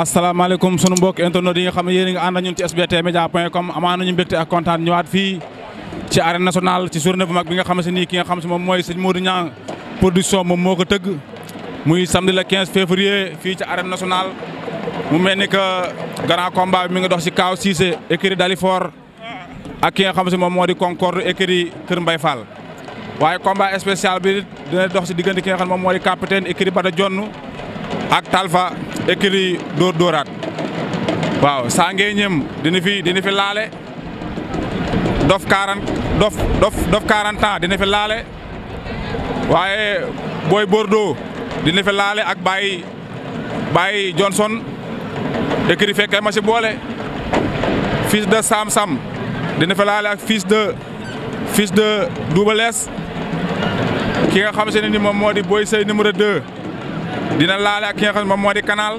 asalaamaaleykum sunu mbokk internet yi nga xam ne yéen a ngi ànd ak ñun ci sbt média point com amaana ñu mbégte ak kontaan ñëwaat fii ci arène nationale ci journée bu mag bi nga xam si nii ki nga xam si moom mooy sëñ Modou Niang production moom moo ko tëgg muy samedi le 15 février fii ci arène nationale mu mel ni que grand combat bi mi ngi dox si Kaaw Cissé écurie Dalifor ak ki nga xam si moom moo di Concorde écurie Kër mbay Fall waaye combat spécial bi dina dox si diggante moom moo di capitaine écurie Bada Dione ak Talfa écurie Dóor Dóoraat waaw saa ngee ñëm fi dina laale dof 40 dof dof dof 40 ans fi laale waaye Boy Bordeaux dina fi laale ak Baye Baye Johnson écurie fekkee ma si boole fils de Sam Sam dina fi laale ak fiis de fils de Double Less ki nga xam se ne ni moom moo di booy Sey numéro 2. dina laale ak ki nga xam ne moom moo di canal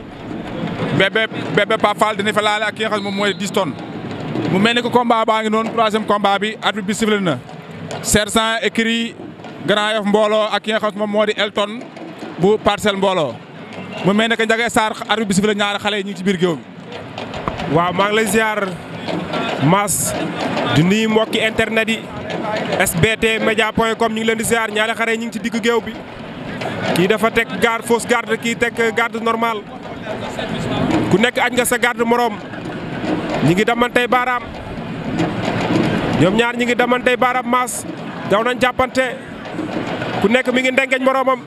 bébé bébé Pafal dina fa laale ak ki nga xam ne moom moo di 10 mu mel ni que combat baa ngi noonu troisième combat bi arbitre bi sifflé na sergent écrit Grand Yoff mbooloo ak ki nga xam ne moom moo di Elton bu parcelle mbooloo mu mel ni que Ndiaga Sarr arbitre ñaari xale yi ñu ci biir géew bi waaw maa ngi lay ziar Mass di nuyu mbokki internet yi sbt media point com ñu leen di ziar ñaari xale yi ñu ngi ci digg géew bi kii dafa teg garde fausse garde kii teg garde normal ku nekk añ nga sa garde moroom ñi ngi damantey baaraam ñoom ñaar ñi ngi damantey baaraam maas daw nañ jàppante ku nekk mi ngi ndengeñ moroomam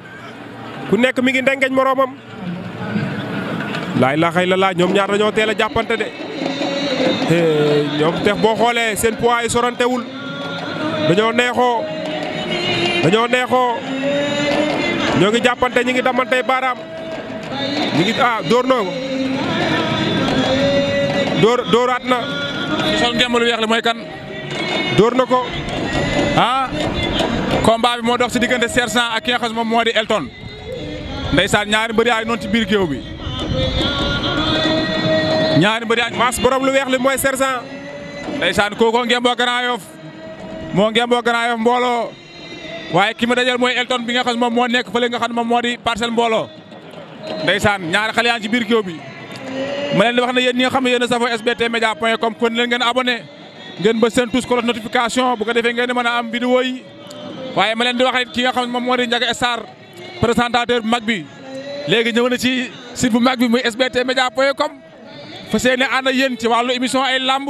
ku nekk mi ngi ndengeñ moroomam laay la xëy la laa ñoom ñaar dañoo teel a jàppante de ñoom tex boo xoolee seen poids yi sorantewul dañoo neexoo dañoo neexoo ñoo ngi jàppante ñu ngi damantey baaraam ñu ngi ah dóor na. sol ngemb lu weex li mooy kan. dóor na ko. ah combat bi moo dox si diggante Sergent ak ki moom moo di Elton ndeysaan ñaari mbër yaay ci biir géew bi ñaari mbër yaay borom lu weex li mooy Sergent ndeysaan kookoo ngemboo Grand Yoff moo ngemboo Grand Yoff mbooloo. waaye ki ma dajal mooy Elton bi nga xam moom moo nekk fële nga xam moom moo di parcelle mbooloo ndeysaan ñaari xale yaa ci biir géew bi ma leen di wax na yéen ñi nga xam ne yéen a safoo sbt media point com kon leen ngeen abonné ngeen ba seen tous cloche notification bu ko defee ngeen mën a am vidéo yi waaye ma leen di wax it ki nga xam ne moom moo di e Star présentateur bu mag bi léegi ñëw ci site bu mag bi muy sbt media point com fa seene ànd yéen ci wàllu émission ay lamb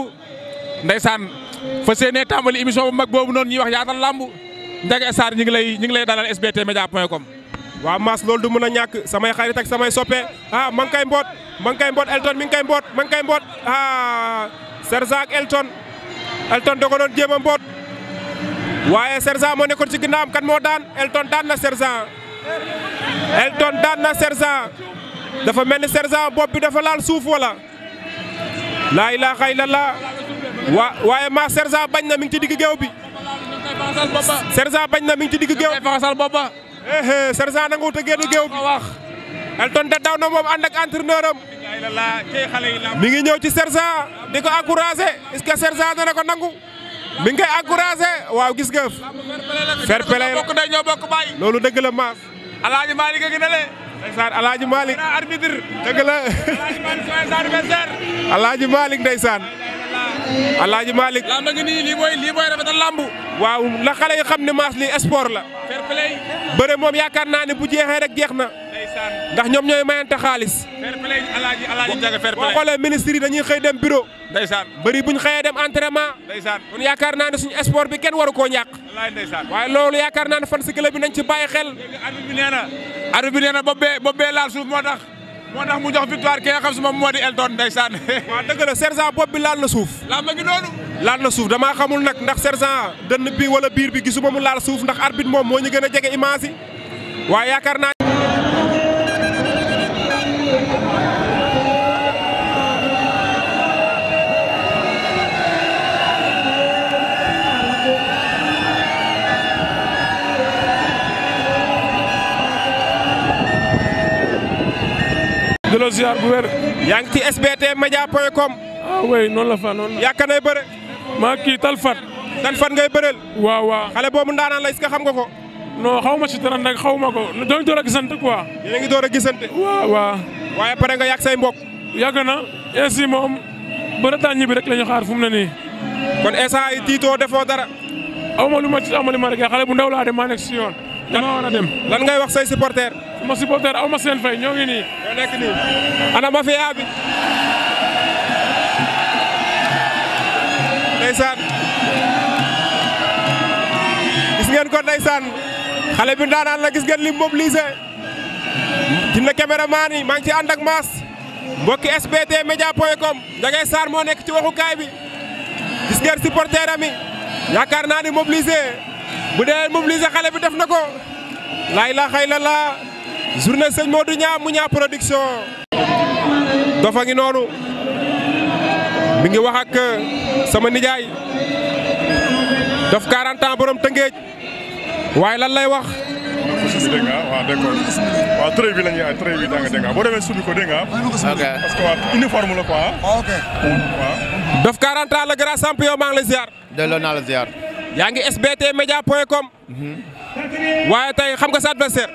ndeysaan fa seene tàmbali émission bu mag boobu noonu ñuy wax yaatal lamb Ndiaga Sarr ñu ngi lay dalal ngi lay dalal sbtmedia.com. waaw Mass loolu du mën a ñàkk samay xarit ak samay soppe ah ma ngi mboot ma ngi mboot Elton mi ngi koy mboot ma ngi koy mboot ah Serza ak Elton Elton da ko jéem a mboot waaye Serza moo nekkoon ci ginnaawam kan moo daan Elton daan na Serza Elton daan na Serza dafa mel ni Serza bopp bi dafa laal suuf wala laa ilaaha illallah wa waaye Mass Serza bañ na mi ngi ci digg géew bi. Sergent bañ na mi ngi ci digg géew défensal eh, eh, nangu te génn géew bi wax Elton da na moom ànd ak entraîneur am ñëw ci Sergent di ko encouragé est-ce ko nangu mi ngi koy encouragé waaw gis nga loolu dëgg la Alaaji Malick a ngi ne le ndeysaan Alaaji Malick arbitre dëgg Alaaji Malick ndeysaan Alaaji Malick lamb ngi nii lii mooy lii mooy rafetal lamb waaw la xale yi xam ne maas lii sport la fair moom yaakaar naa ne bu jeexee rek jeex na ndax ñoom ñooy mayante xaalis fair play alaaji alaaji jaga fair play boo xoolee ministre yi dañuy xëy dem bureau ndeysaan bëri bu ñu xëyee dem entraînement ndeysaan kon yaakaar naa ne suñu sport bi kenn war koo ñàkk ndeysaan waaye loolu yaakaar naa ne fan si club bi nañ ci bàyyi xel arbitre nee na arbitre bi nee na bobbee bobbee laal suuf moo tax moo tax mu jox victoire ki nga xam si moom moo di Elton ndeysaan. waaw dëgg la sergent bopp bi laal na suuf. laal ma ngi laal na suuf damaa xamul nag ndax sergent dënn bi wala biir bi gisuma mu laal suuf ndax arbitre moom moo ñu gën a jege image yi waaye yaakaar naa. di la bu wér. yaa ngi ci sbt media point com. ah oui la fa noonu la. yaakaar nay bëre. maa kii Talfat. Talfat ngay bëreel. waaw waaw xale boobu ndaanaan la est-ce xam nga ko. non xaw ma si dara nag xaw ma ko doon door a gisante quoi. yéen a ngi a gisante. waaw waaye pare nga yàgg say mbok yàgg na ainsi moom bëre taan ñibbi rek la ñu xaar fu mu ne nii. kon instant yii tiitoo defoo dara. aw ma lu ma ci aw ma lu xale bu ndaw laa de maa nekk si yoon. dama lan ngay wax say supporter sama supporter aw seen fay ñoo ngi nii. ñoo nekk nii. ana mafia bi. ndeysaan. gis ngeen ko ndeysaan xale bi ndaanaan la gis ngeen li mobilisé. dina caméraman yi maa ngi ci ànd ak maas. mbokki SBT Media point com. Ndiaga Sarr moo nekk ci waxukaay bi. gis ngeen supporter ami yaakaar naa ni bu dee mobiliser xale bi def na ko laay la xay la la journée sëñ du Niang mu ñaa production dofa ngi noonu mi ngi wax ak sama nijaay dof 40 ans borom tëngeej waaye lan lay wax subi dégg nga waaw bi la ñuy ay trait bi da nga dégg nga boo demee subi ko dégg nga parce que waaw uniforme la quoi ah, ok waaw dof 40 ans le grand champion la ziar yaa ngi sbt media point com. waaye tey xam nga sa adversaire.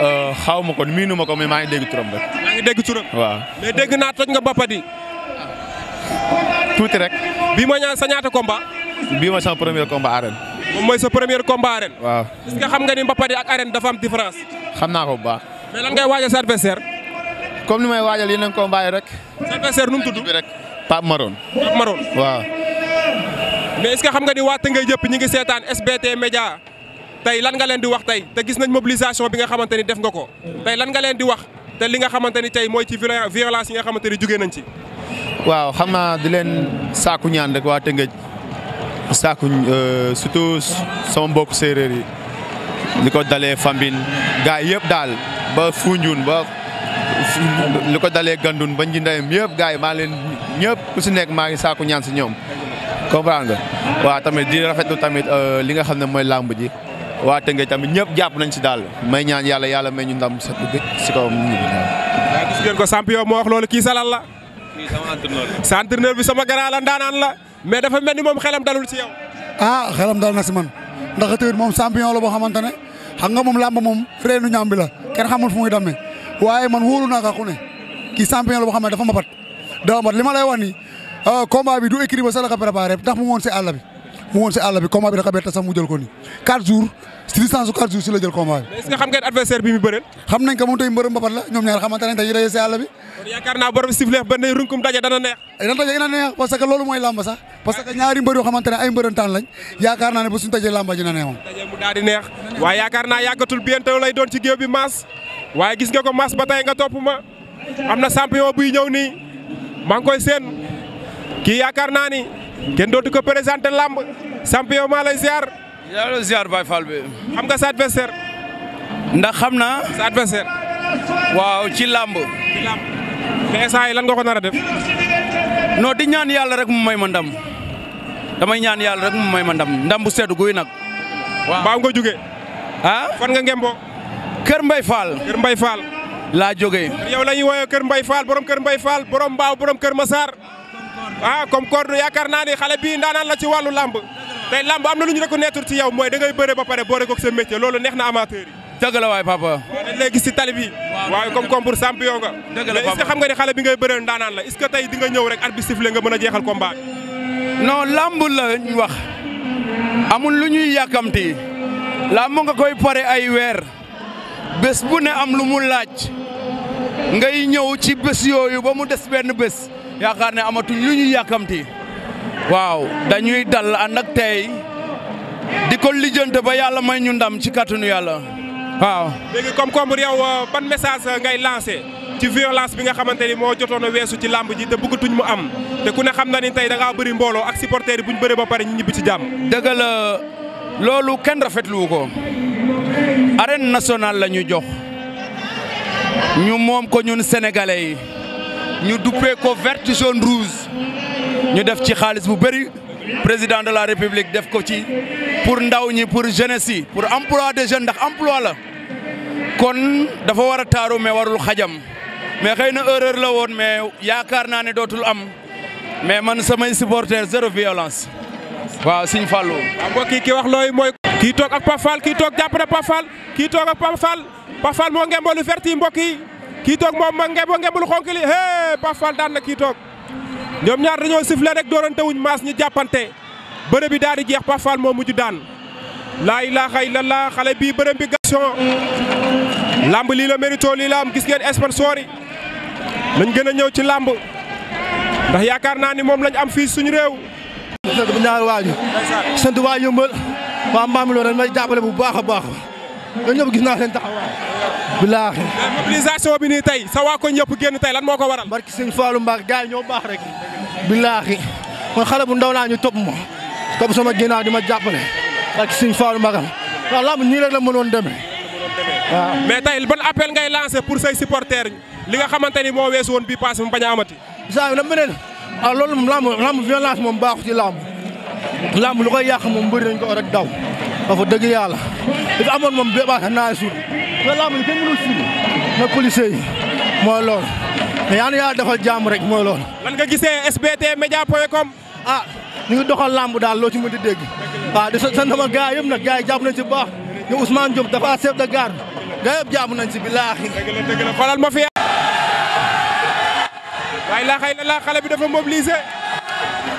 Euh, xaw ma ko miinu ma ko mais maa ngi dégg turam rek. maa ngi dégg turam. waaw mais dégg naa toj nga Bapadi. tuuti rek. bii ma ñaan sa ñaata combat. bii mooy sama premier combat arène. moom mooy sa premier combat arène. waaw est-ce que xam nga ni Bapadi ak arène dafa am différence. xam naa ko bu baax. mais lan ngay waajal sa adversaire. comme ni may waajal yeneen combat yi rek. sa adversaire nu mu tudd bi rek Pape Maron. Pape Maron waaw. mais est-ce xam nga di waa Tëngéej yëpp ñi ngi seetaan SBT Média tey lan nga leen di wax tey te gis nañ mobilisation bi nga xamante ni def nga ko tey lan nga leen di wax te li nga xamante ni tey mooy ci violence si nga xamante ni jugee nañ ci. waaw xam naa di leen saaku ñaan rek waa Tëngéej saaku euh, surtout sama mbokk séeréer yi li ko dalee Fambine gaa yëpp daal ba Foundiougne ba. li ko dalee gandun ba njindayam yëpp gars yi maa leen ñëpp ku si nekk maa ngi saako ñaan si ñoom comprendre nga waaw tamit di rafetlu tamit euh, li nga xam ne mooy làmb ji waa Tëngéej tamit ñëpp jàpp nañ si daal may ñaan yàlla yàlla may ñu ndam sa dëkk si kawam ñu ngi daal. gis moo wax loolu kii la. kii sama entraîneur la. sa bi sama garaa la ndaanaan la mais dafa mel ni moom xelam dalul si yow. ah xelam dal na si man ndax tamit moom sampion la boo xamante ne xam nga moom làmb moom freenu ñaam bi la kenn xamul fu muy demee waaye man wóolu naa ko ku ne kii champion la boo xam ne dafa ma lay Euh, combat bi du écrit ba sax la ko préparé ndax mu woon si àll bi mu woon si àll bi combat bi da sax mu jël ko ni 4 si distance su 4 jours si la jël combat bi. xam ngeen adversaire bi mu bëreel. xam nañ ko moom tey mbërëm mbapat la ñoom ñaar xamante ne tey dajee si àll bi. yaakaar naa borom sifflet ba ne runkum daje dana neex. dana yaakaar naa ne ba suñu lay doon ci géew maas waaye gis nga ko maas ba nga topp ma na champion buy ñëw nii maa ngi kii yaakaar naa ni kenn dootu ko présenté lamb champion maa lay ziar. yaa lay ziar Baye xam nga sa adversaire. ndax xam naa. sa waaw ci lamb. ci lamb yi lan nga ko nar a def. non di ñaan yàlla rek mu may ma ndam. damay ñaan yàlla rek mu may ma ndam ndam bu seddu guy nag. waaw mbaa nga jógee. ah fan nga ngemboo. Kër Mbay Fall. Kër Mbay Fall. laa jógee. yow la ñuy woowee Kër Mbay faal borom Kër Mbay faal borom Mbaaw borom Kër ma Massar. waaw ah, comme Kordu yaakaar naa ni xale bii ndaanaan la ci wàllu làmb tey làmb am na lu ñu reconnaître ci yow mooy da ngay bëre ba pare boole ko sa métier loolu neex na amateur yi dëgg la waay papa. ci tali bi. waaw comme comme pour champion nga. dëgg la xam nga ni xale bi ngay bëreel ndaanaan la est-ce que tey di nga ñëw rek arbitre bi nga mën a jeexal ko non lamb la ñu wax amul lu ñuy yàkkamti lamb nga koy pare ay weer bés bu ne am lu mu laaj ngay ñëw ci bés yooyu ba mu des benn bés yaakaar ne amatuñ lu ñuy yàkkamti waaw dañuy dal ànd di ko lijjante ba yàlla may ñu ndam ci kàttanu yàlla waaw. léegi comme comme yow euh, ban message ngay lancé ci violence bi nga xamante ni moo jotoon weesu ci làmb ji te bëggatuñ mu am te ku ne xam na ni tey da ngaa bëri mbooloo ak supporters bu ñu bëree ba pare ñu ñibbi ci jàmm. dëgg la loolu kenn rafetlu ko. arène nationale la ñu jox ñu moom ko ñun sénégalais yi. ñu duppee ko vert jaune rouge ñu def ci xaalis bu bëri président de la république def ko ci pour ndaw ñi pour jeunesse yi pour emploi des jeunes ndax emploi la kon dafa war a taaru mais warul xajam mais xëy na erreur la woon mais yaakaar naa ne dootul am mais man samay supporter zéro violence waaw Sëñ Fallou mbokk yi ki wax looy mooy kii toog ak Pafal kii toog jàpp na Pafal kii toog ak Pafal moo ngembolu vert yi mbokk kii toog moom ma ngebo ngebul xonk li hee daan na kii ñoom ñaar dañoo sifle rek doorante wuñ maas ñu jàppante bërëb bi daal di jeex Pape moo mujj daan laa ilaaha illallah xale bii bërëb bi gasson lamb lii la mérito lii la am gis ngeen sponsor yi lañ gën a ñëw ci làmb ndax yaakaar naa ni moom lañ am fii suñu réew sant waa yëmbal waa mbaam loolu may jàppale bu baax a baax ñoom ñëpp gis naa seen taxawaay. bilaahi. mais bi nii tey sa waa ko ñëpp génn tey lan moo ko waral. barki sëñ Fallou Mbacke gars yi ñoo baax rek. bilaahi kon xale bu ndaw naa ñu topp ma topp sama ginnaaw di ma jàppale. barki sëñ Fallou Mbacke waaw lamb ñii rek la mënoon demee. waaw mais tey ban appel ngay lancé pour say supporters li nga xamante ni moo weesu woon bii paase mu bañ a amati. saa yu ne ah loolu moom lamb lamb violence moom baaxu ci lamb lamb lu koy yàq moom bëri nañ ko rek daw. ba fa dëgg yàlla li fi amoon moom bee baax naa suur nga laamu ni kenn mënul suur na policier yi mooy loolu mais yaa yàlla defal jàmm rek mooy loolu. lan nga gisee SBT Média point com. ah ñu doxal làmb daal loo ci mën di dégg waaw ah, di sant sama gars yëpp nag gars yi jàpp nañ ci bu baax ñu Ousmane Diop dafa chef de garde gars yëpp jàpp nañ ci billaahi. la dëgg la ma fi. waaye laa xay la laa xale bi dafa mobilisé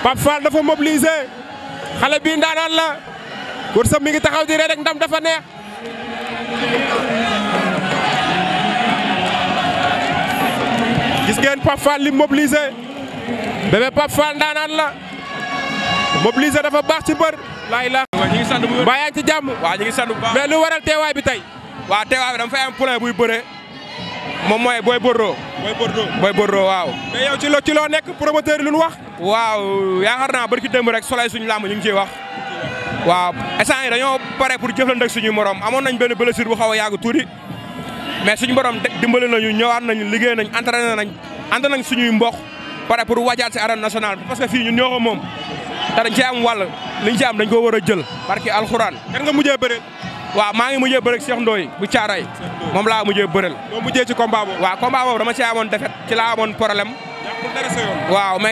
Pape Fall dafa mobilisé xale bi ndaanaan la. wërsëg mi ngi taxaw di rek ndam dafa neex gis ngeen Pape Fall li mobilisé bébé Pape Fall ndaanaan la mobilisé dafa baax ci bër laay la ñi ngi sant bu baax yaa ngi ci jàmm waaw ñi ngi sant bu mais lu waral teewaay bi tey waaw teewaay bi dama fay am poulain buy bëre moom mooy Boy Bordeaux Boy Bordeaux Boy Bordeaux waaw mais yow loo ci loo nekk promoteur yi lu wax waaw yaakaar naa bërki démb rek solay suñu làmb ñu ngi ciy wax waaw instant yi dañoo pare pour jëflante ak suñu morom amoon nañ benn blessure bu xaw a yàgg tuuti mais suñu borom dimbali nañu liggéey nañ entraîné nañ ànd nañ suñuy mbokk pare pour wajaat si arène nationale parce que fii ñun ñoo ko moom te dañ ci am wàll liñ ci am dañ ko war a jël barki alxuraan. kan nga mujjee bëre. waaw maa ngi mujjee bëre Cheikh Ndoye bu Caaray moom laa mujjee bëreel. moom mujjee ci combat boobu. waaw combat boobu dama ci amoon défaite ci laa amoon problème.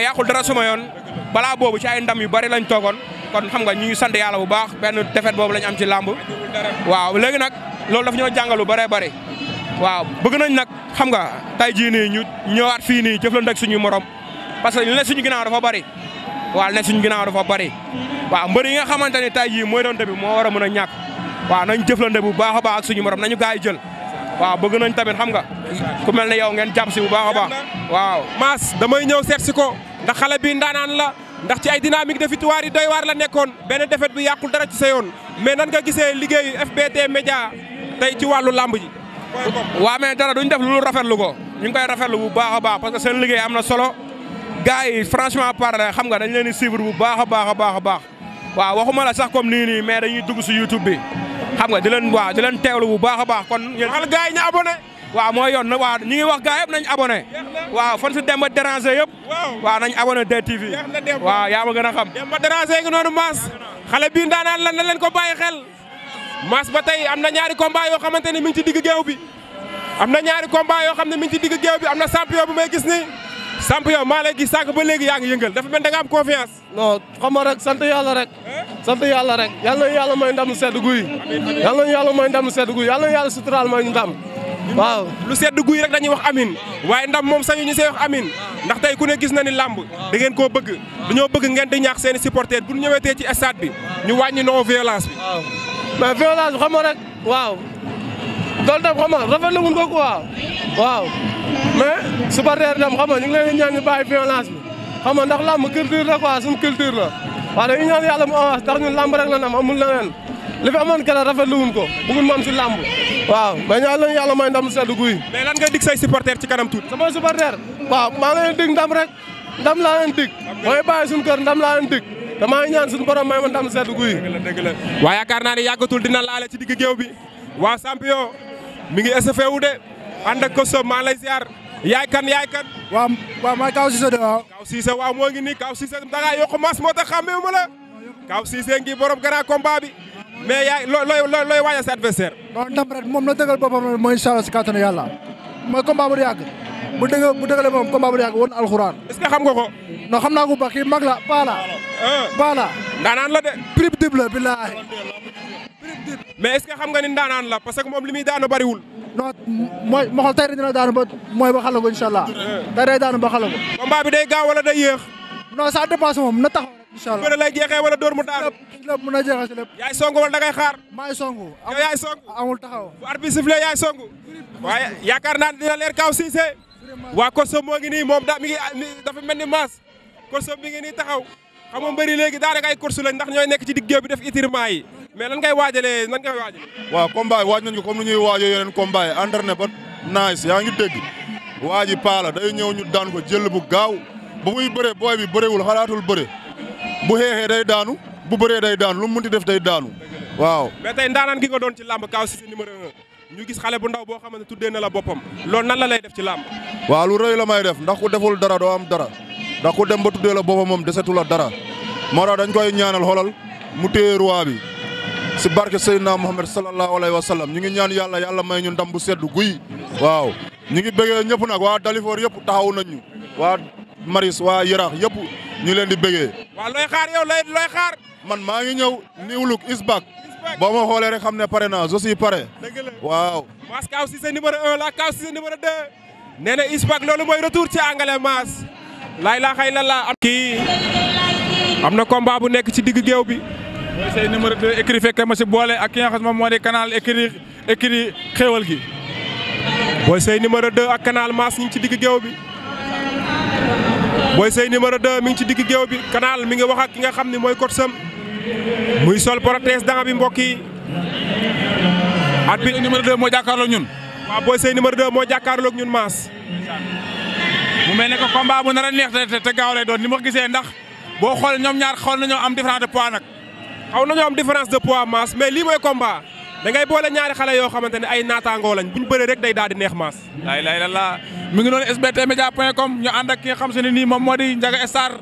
yàqul dara sa yoon. yoon. balaa boobu ci ndam yu bari lañ toogoon kon xam nga ñu ngi sant yàlla bu baax benn defet boobu lañ am ci làmb waaw léegi nag loolu daf ñoo jàngalu bëree bëri waaw bëgg nañ nag xam nga tey jii nii ñu ñëwaat fii nii jëflante ak suñu morom parce que li ne suñu ginnaaw dafa bari waaw li ne suñu ginnaaw dafa bëri waaw mbër yi nga xamante ne tey jii mooy doon bi moo war a mën a ñàkk waaw nañ jëflante bu baax a baax ak suñu morom nañu gaay jël waaw bëgg nañ tamit xam nga ku mel ne yow ngeen jàpp si bu baax ndax xale bi ndaanaan la ndax ci ay dynamique de victoire yi doy waar la nekkoon benn defet bu yàqul dara ci sa yoon mais nan nga gisee liggéeyu FBT Média tey ci wàllu làmb ji. waaw mais dara duñ def lu rafetlu ko ñu ngi koy lu bu baax a baax parce que seen liggéey am na solo gars yi franchement parler xam nga dañ leen di suivre bu baax a baax a baax a baax waaw waxuma la sax comme nii nii mais dañuy dugg si YouTube bi xam ga di leen waaw di leen teewlu bu baax a baax kon. waxal waaw moo yoon na waaw ñu ngi wax gaa yëpp nañ abonné waaw fan si Demba déranger yëpp waaw nañ abonné DTV waaw yaa ma gën a xam Demba noonu Mass xale bii ndaanaan lan na leen ko bàyyi xel Mass ba tey am na ñaari combat yoo xamante ne mi ngi ci digg géew bi am na ñaari combat yoo xam ne mi ngi ci digg géew bi am na champion bu may gis ni samp yow maa lay gis sànq ba léegi yaa ngi yëngal dafa mel da nga am confiance. non xam nga rek sant yàlla rek. sant yàlla rek yàlla na yàlla mooy ndam sedd guy. yàlla na yàlla mooy ndam sedd guy yàlla na yàlla suturaal mooy ndam. waaw lu sedd guy rek dañuy wax am amin waaye ndam moom sañu ñu see wax amin ndax tey ku ne gis na ni làmb da ngeen koo bëgg dañoo bëgg ngeen di ñaax seen i supporters bu ñu ñëwee ci stade bi ñu wàññi noo violence bi. waaw mais violence bi xam rek waaw. dool tam xam nga rafetlu wuñ ko quoi waaw mais supporter tam xam nga ñu ngi leen di ñaan ñu bàyyi violence bi xam la quoi suñu culture la waaw dañuy ñaan yàlla mu avance ndax ñun làmb rek la am amul leneen li fi amoon kenn rafetlu wuñ ko bëggul moom làmb waaw mais ñaan lañu yàlla may ndam sedd guy mais lan ngay dig say supporter ci kanam tuuti sama supporter waaw maa ngi leen ndam rek ndam laa leen dig mooy bàyyi suñu kër ndam laa leen dig te maa ngi ñaan suñu ndam sedd guy waaw yaakaar naa ne yàggatul dina laale ci digg géew bi waa champion mi ngi SFA wu de ànd ak Koso maa lay ziar yaay kan yaay kan. waaw waaw maa moo ngi nii Kaw Cissé da ngaa yokk maas moo tax xàmmee ma la Kaw Cissé ngi borom grand combat mais yaay looy looy looy waajal sa adversaire. non ndam rek moom la dëggal boppam mooy incha allah si kàttanu yàlla mooy combat bu bu dëgg bu dëggalee moom combat bu yàgg woon alxuraan. est ce xam nga ko. non xam naa ko ba kii mag la Paala. Ah. Paala. ndaanaan la de. prip dib la billaahi. prip dib. mais est ce que xam nga ni ndaanaan la parce moom li muy daanu bariwul. non mooy ma xool tey dina daanu ba mooy ba xala ko incha allah. Ah. tey day daanu ba xala ko. combat bi day gaaw wala day yéex. non ça dépasse moom na taxaw rek incha allah. bëre lay jeexee wala dóor mu daanu. lépp mën na jeexee si lépp. yaay songu a dangay xaar. maay songu. a yaay songu amul taxaw. bu arbitre sifflé yaay songu. waa koso moo ngi nii moom daa mi ngi ah, dafa mel ni maas koso mi ngi nii taxaw xam nga mbëri léegi daanaka ay course ndax ñooy nekk ci diggéew bi def étirement yi mais lan ngay waajalee lan ngay waajalee. waaw combat yi waaj nañ ko comme ni ñuy waajoo yeneen combat yi entraîné ba nice yaa ngi dégg waa ji paala day ñëw ñu daan ko jël bu gaaw ba muy bëree booy bi bëreewul xalaatul bëre bu xeexee day daanu bu bëree day daanu lu mu munti def day daanu waaw. mais tey ndaanaan gi nga doon ci làmb ñu gis xale bu ndaw boo xam ne tuddee na la boppam loolu nan la lay def ci làmb waaw lu rëy la may def ndax ku deful dara doo am dara ndax ku dem ba tuddee la boppam moom desetu la dara moo tax dañ koy ñaanal xolal mu téye roi bi si barke Seydina Muhammad sallallahu alayhi wa sallam ñu ngi ñaan yàlla yàlla may ñu ndam bu seddu guy waaw ñu ngi bëggee ñëpp nag waa Dalifor yëpp taxaw nañ ñu waa Maris waa Yarax yëpp ñu leen di bëggee. waaw looy xaar yow looy looy xaar. man maa ngi ñëw New Look is back. boo ma xoolee rek xam ne pare naa je suis pare. dëgg la waaw. Mass Kaw Cissé numéro 1 la Kaw Cissé numéro 2. nee na is back loolu mooy retour ci angale Mass. laay laa xay lan laa am. kii am na combat bu nekk ci digg géew bi. mooy say numéro 2 fekke ma si boole ak ki nga xam moom moo di canal écrit écrit xéewal gi. booy say numéro 2 ak canal Mass ci digg géew bi. booy Seye numéro 2 mi ngi ci digg géew bi Canal mi ngi wax ak ki nga xam ne mooy coach sam muy sol prothèse danga bi mbokk yi. at bi numéro 2 moo jàkkaarloog ñun. waaw Boy Seye numéro moo jàkkaarloog ñun maas. mu mel ne que combat bu nar a neex te gaaw lay doon ni ma gisee ndax boo xoolee ñoom ñaar xool nañoo am différence de poids nag. xaw nañoo am différence de pois maas mais lii mooy combat. da ngay boole ñaari xale yoo xamante ne ay naataangoo lañ buñ bëree rek day daal di neex maas. laay laay la laa mi ngi noonu sbtmedia.com ñu ànd ak ki nga xam se ne nii moom moo di Ndiaga Star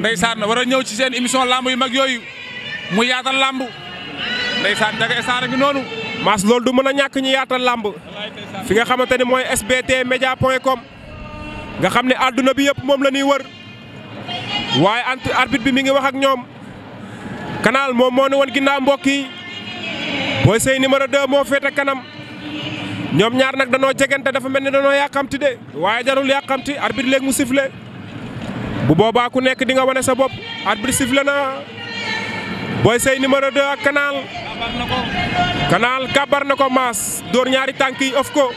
ndeysaan war a ñëw ci seen émission lamb yu mag yooyu mu yaatal lamb ndeysaan Ndiaga Star a ngi noonu. maas loolu du mën a ñàkk ñu yaatal lamb fi nga xamante ne mooy sbtmedia.com nga xam ne àdduna bi yëpp moom la ñuy wër waaye ant arbitre bi mi ngi wax ak ñoom kanaal moom moo ne woon ginaa mbokk yi Boy Seye numéro 2 moo féete kanam ñoom ñaar nag danoo jegante dafa mel ni danoo yàqamti de waaye jarul yàqamti arbitre léegi mu sifflé bu boobaa ku nekk di nga wane sa bopp arbitre sifflé na Boy Seye numéro 2 ak Canal. Canal kàbbar na ko maas dóor ñaari tànk yi ëf ko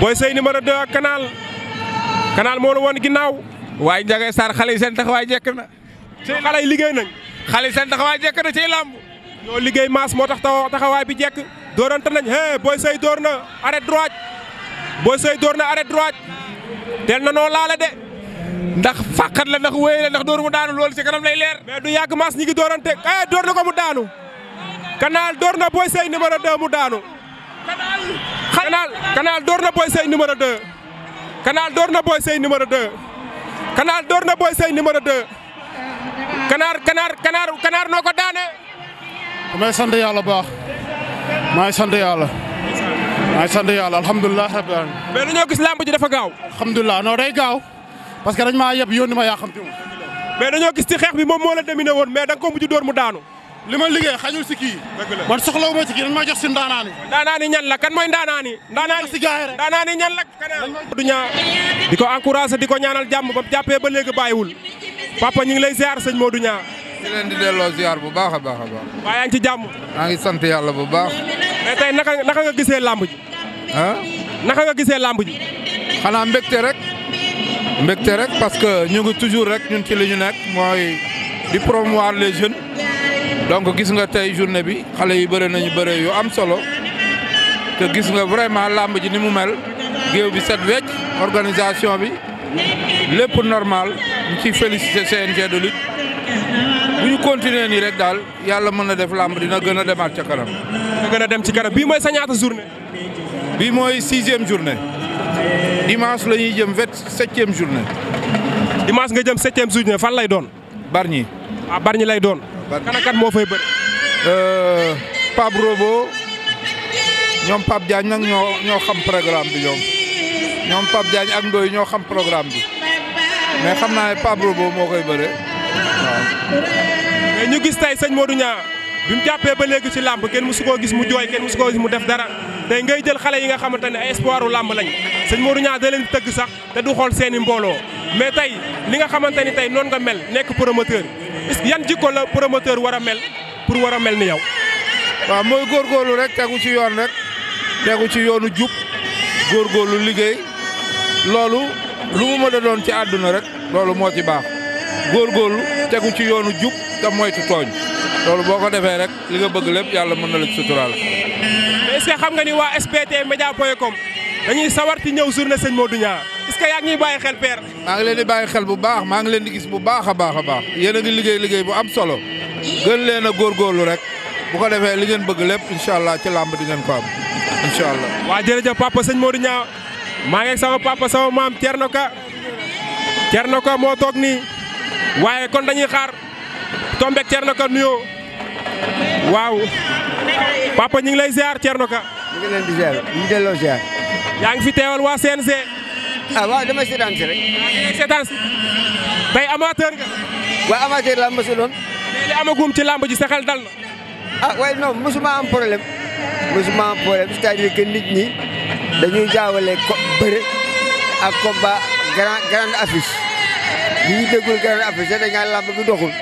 Boy Seye numéro 2 ak Canal moo la woon ginnaaw. waaye Ndiaga Sarr xale yi seen waaye jekk na. xale yi liggéey nañ. xale yi seen taxawaay jekk na ci làmb. ñoo liggéey maas moo tax taxawaay bi jekk dóorante nañ hee Boy Seye dóor na arrêt droite Boy Seye dóor na arrêt droite na noo laale de ndax fàqat la ndax wéy la ndax dóor mu daanu loolu si kanam lay leer. mais du yàgg maas ñi ngi dóorante eh dóor na ko mu daanu Canal dóor na Boy Seye numéro 2 mu daanu. na Boy Seye numéro 2. Canal dóor na Boy Seye numéro 2. Canal dóor na Boy Seye numéro 2. kanaar Canal Canal Canal noo ko daane. damay sant yàlla baax maay sant yàlla. maay sant yàlla alhamdulilah rabbil alamin. mais dañoo gis làmb ji dafa gaaw. alhamdulilah non day gaaw parce que dañ maa yeb yónni ma yàqamti ma. mais dañoo gis ci xeex bi moom moo la dominé woon mais da nga ko mujj dóor mu daanu. li ma liggéey xajul si kii. man soxlawu ma si kii dañ ma jox si ndaanaani. ndaanaani ñan la kan mooy ndaanaani. ndaanaani si gars yi rek ndaanaani ñan la. du ñaa di ko encouragé di ko ñaanal jàmm ba jàppee ba léegi di leen di delloo ziar bu baax a baax a baax. waaye yaa ngi ci jàmm. maa ngi sant yàlla bu baax. mais tey naka naka nga gisee làmb ji. ah. naka nga gisee làmb ji. xanaa mbégte rek. mbégte rek parce que ñu ngi toujours rek ñun ci li ñu nekk mooy di promouvoir les jeunes. donc gis nga tey journée bi xale yi bëre nañu bëre yu am solo te gis nga vraiment làmb ji ni mu mel géew bi set wecc organisation bi lépp normal ñu ciy féliciter CNG de lutte. bu ñu continuer nii rek daal yàlla mën na def làmb dina gën a demaat ca kanam. dina gën a dem ci kanam bii mooy sañaata ñaata bii mooy sixième journée. dimanche la ñuy jëm vingt septième journée. dimanche nga jëm septième journée fan lay doon. Bargny. ah Bargny lay doon. kan ak kan moo fay bëri. Euh, Pape Robo ñoom Pape Diagne nag ñoo ñoo xam programme bi ñoom ñoom jaañ Diagne ak Ndoye ñoo xam programme bi mais xam naa ne Pape Robo moo koy bëre. mais ñu gis tey sëñ Modou Niang bi mu jàppee ba léegi ci làmb kenn musu koo gis mu jooy kenn musu ko gis mu def dara tey ngay jël xale yi nga xamante ne ay espoiru làmb lañ sëñ Modou Niang da leen tëgg sax te du xool seeni mbooloo mais tey li nga xamante ni tey noonu nga mel nekk promoteur yan jikko la promoteur war a mel pour war a mel ni yow. waa mooy góor góorlu rek tegu ci yoon rek tegu ci yoonu jub góor góorgóorlu liggéey loolu lu mu mën a doon ci àdduna rek loolu moo ci baax. góorgóorlu tegu ci yoonu jub te moytu tooñ loolu boo ko defee rek li nga bëgg lépp yàlla mën na la ci suturaal. mais est-ce que xam nga ni waa SBTmedia.com dañuy sawar ci ñëw journée sëñ Modou Niang est-ce que yaa ngi ñuy bàyyi xel père. maa ngi leen di bàyyi xel bu baax maa ngi leen di gis bu baax a baax a baax yéen a liggéey liggéey bu am solo gën leen a góorgóorlu rek bu ko defee li ngeen bëgg lépp incha allah ci làmb di ngeen ko am incha allah. waa jërëjëf papa sëñ Modou Niang maa ngi waaye kon dañuy xaar tombek Thierno Ka nuyoo waaw papa ñu ngi lay ziar Thierno Ka. ñu ngi leen di ziar ñu ngi fi teewal waa CNG. ah waaw damay seetaan amateur nga. waaw amateur laa mosul woon. li amagum ci làmb ji sa xel dal na. ah waaye non mosuma am problème. mosuma am problème nit ñi dañuy jaawale ko bëre ak combat grand grande bi ñu déggul gën a affiché dañ naan làmb bi doxul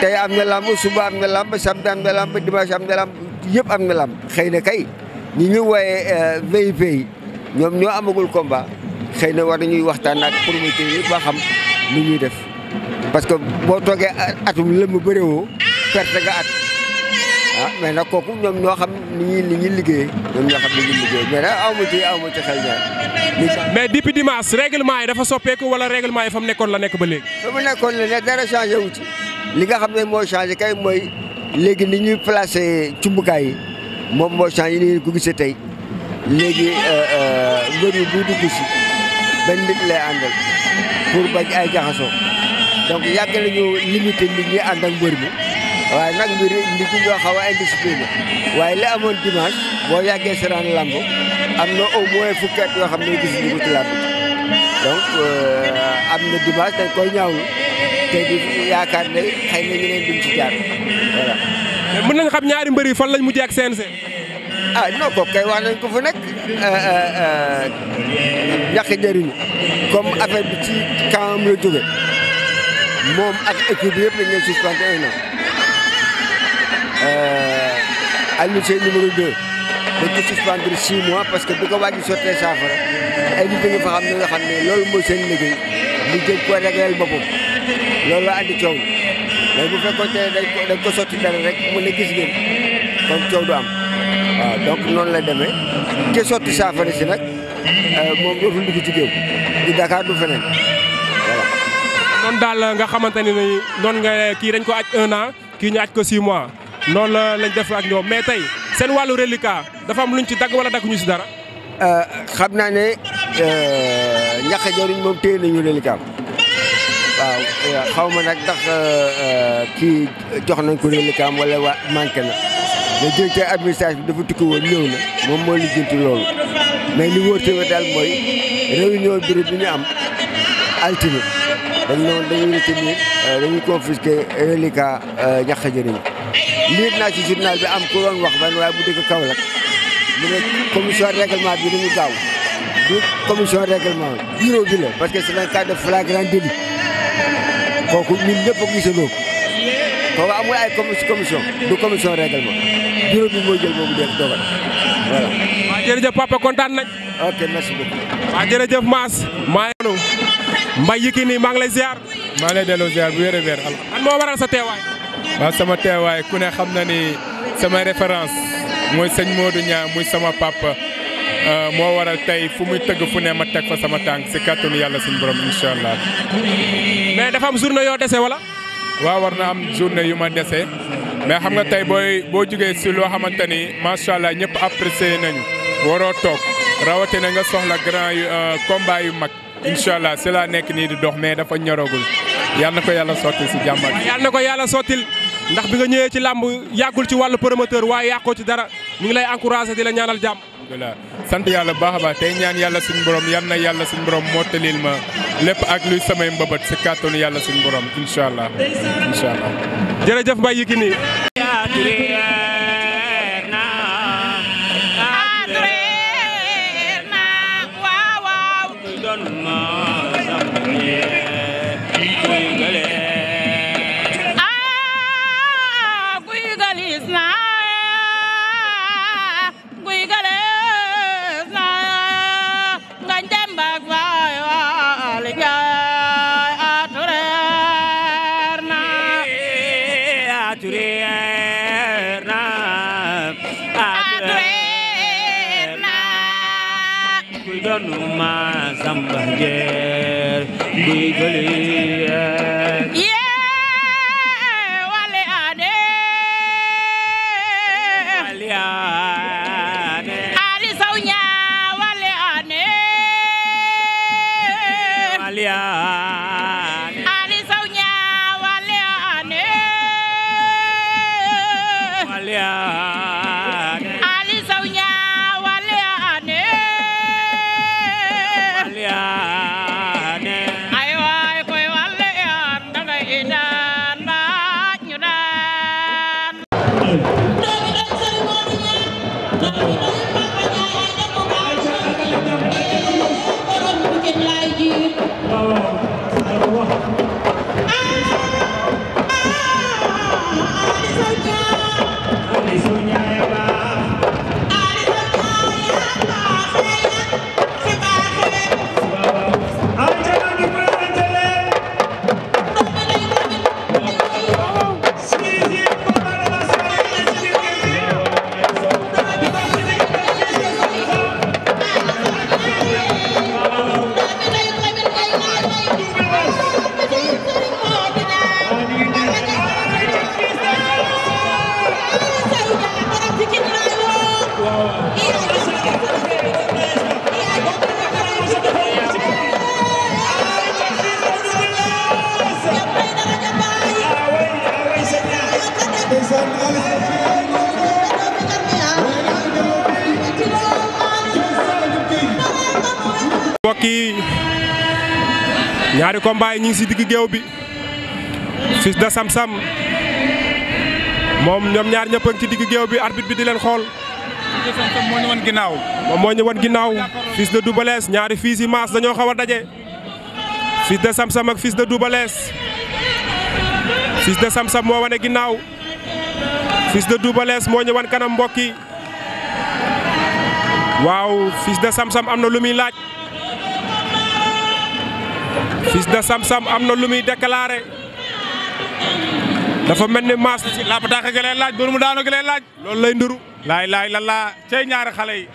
tey am na làmb suba am na làmb samedi am na làmb dimanche am na làmb yëpp am na làmb xëy na kay ñi ñu wooyee euh, VIP yi ñoom ñoo amagul combat xëy na war nañuy waxtaan ak promoteur yi ba xam lu ñuy def parce que boo toogee euh, atum lëmm bëriwoo perte nga at ah mais nag kooku ñoom ñoo xam ni ñuy ni ñuy liggéeyee ñoom ñoo xam ni ñuy liggéey mais nag aw ma ci aw ma ci xel ñaar mais depuis dimanche règlement yi dafa soppeeku wala règlement yi fa mu nekkoon la nekk ba léegi. fa mu nekkoon la ne dara changé wu ci li nga xam ne mooy changé kay mooy léegi ni ñuy placé cumbukaay yi moom moo changé ni ngeen ko gisee tey léegi euh, euh, mbër yi buy dugg gis benn nit lay àndal pour ay jaxasoo donc yàgg nañu limité nit ñi ànd ak mbër mi. waaye nag mbir ndi ci ñoo xaw a indiscipliné waaye li amoon dimanche boo yàggee seraan lamb am na au moins fukki yoo xam ne gis ñu ko ci lamb donc euh, am na dimanche dañ koy ñaawlu te di yaakaar ne xëy na ñu ci jaar voilà. mën nañ xam ñaari mbër yi fan lañ mujj ak CNG. ah non ko kay wax nañ ko fu nekk ñàkk euh, euh, jëriñu comme affaire bi ci camp am jóge moom ak équipe bi yëpp dañ leen suspendé Euh, Alioune Seye numéro 2 dañ ko suspendre 6 parce que bi ko wàññi sottee saafara ay nit ñi fa xam ne nga xam ne loolu mooy seen liggéey ñu jël ko régleel boppam loolu la coow mais bu fekkoon te sotti dara rek mu ne gis ngeen kon coow du am waaw donc noonu la demee ke sotti saafara si nag euh, moom dootul dugg ci géew di Dakar du feneen voilà. noonu daal nga xamante ne ni doon nga kii dañ ko aj un kii ñu aj ko 6 noonu la lañ def ak ñoom mais tey seen wàllu reliquat dafa am lu luñ ci dagg wala dagguñu si dara. Euh, xam naa ne euh, ñax jariñ moom téye nañu reliquat waaw euh, xaw ma nag ndax kii jox nañ ko reliquat wala waa manqué na le directeur administratif dafa tukki woon ñëw na moom moo lijjanti loolu mais li wóor tamit daal mooy réunion bureau bi ñu am altine dañ noonu dañuy retenir dañuy confisquer reliquat ñax jariñ liit naa ci journal bi am ku doon wax benn waaye bu dëkk Kaolack mu ne commission règlement bi ni gaaw du commission règlement bureau bi parce que c'est un cas de flagrant délit kooku ñun ñëpp a gisandoo kooku amul ay commission du commission règlement bureau bi mooy jël boobu def dogal voilà. waaw jërëjëf papa kontaan nañ. ok merci beaucoup. waaw jërëjëf Mass. maa ngi lay nuyu. Mbaye Yékini maa ngi lay ziar. maa ngi lay delloo ziar bu wér a wér. an waaw sama teewaay ku ne xam na ni sama référence mooy sëñ Modou Niang muy sama papa euh, moo waral tey fu muy tëgg fu ne ma teg fa sama tànk si kàttanu yàlla suñu borom incha allah. mais dafa am journée yoo dese wala. waaw war na am journée yu ma dese mais xam nga tey booy boo jugee si loo xamante ni macha allah ñëpp apprécié nañu waroo toog rawatina nga soxla grand yu euh, combat yu mag incha allah si laa nekk nii di dox mais dafa ñoragul ko yàlla sotti si jàmm ak. yàlla na ko yàlla sottil. ndax bi nga ñëwee ci làmb yàggul ci wàllu promoteur waaye yàqoo ci dara ñu ngi lay encouragé di la ñaanal jàmm. sant yàlla bu baax a baax tey ñaan yàlla suñu borom yal na yàlla suñu borom mottalil ma lépp ak luy samay mbëbët si kàttanu yàlla suñu borom incha allah incha allah. jërëjëf Mbaye Yékini jeer di jëli combat yi ñu ngi si diggu géew bi Fils de Sam Sam moom ñoom ñaar ñëpp ci diggu géew bi arbitre bi di leen xool. Fils ginnaaw. moom moo ñu wan ginnaaw Fils de Double Less ñaari fils yi maas dañoo xaw a daje. Fils de Sam Sam ak Fils de Double Less Fils de Sam Sam moo wane ginnaaw fis de Double Less moo ñu wan kanam mbokk yi waaw Fils de Sam Sam am na lu muy laaj. Fils de Sam Sam am na lu muy déclaré dafa mel ni maas ci làpp dàq gi laaj dóor daanu gi lay laaj loolu lay nduru laay laay la cey ñaari xale yi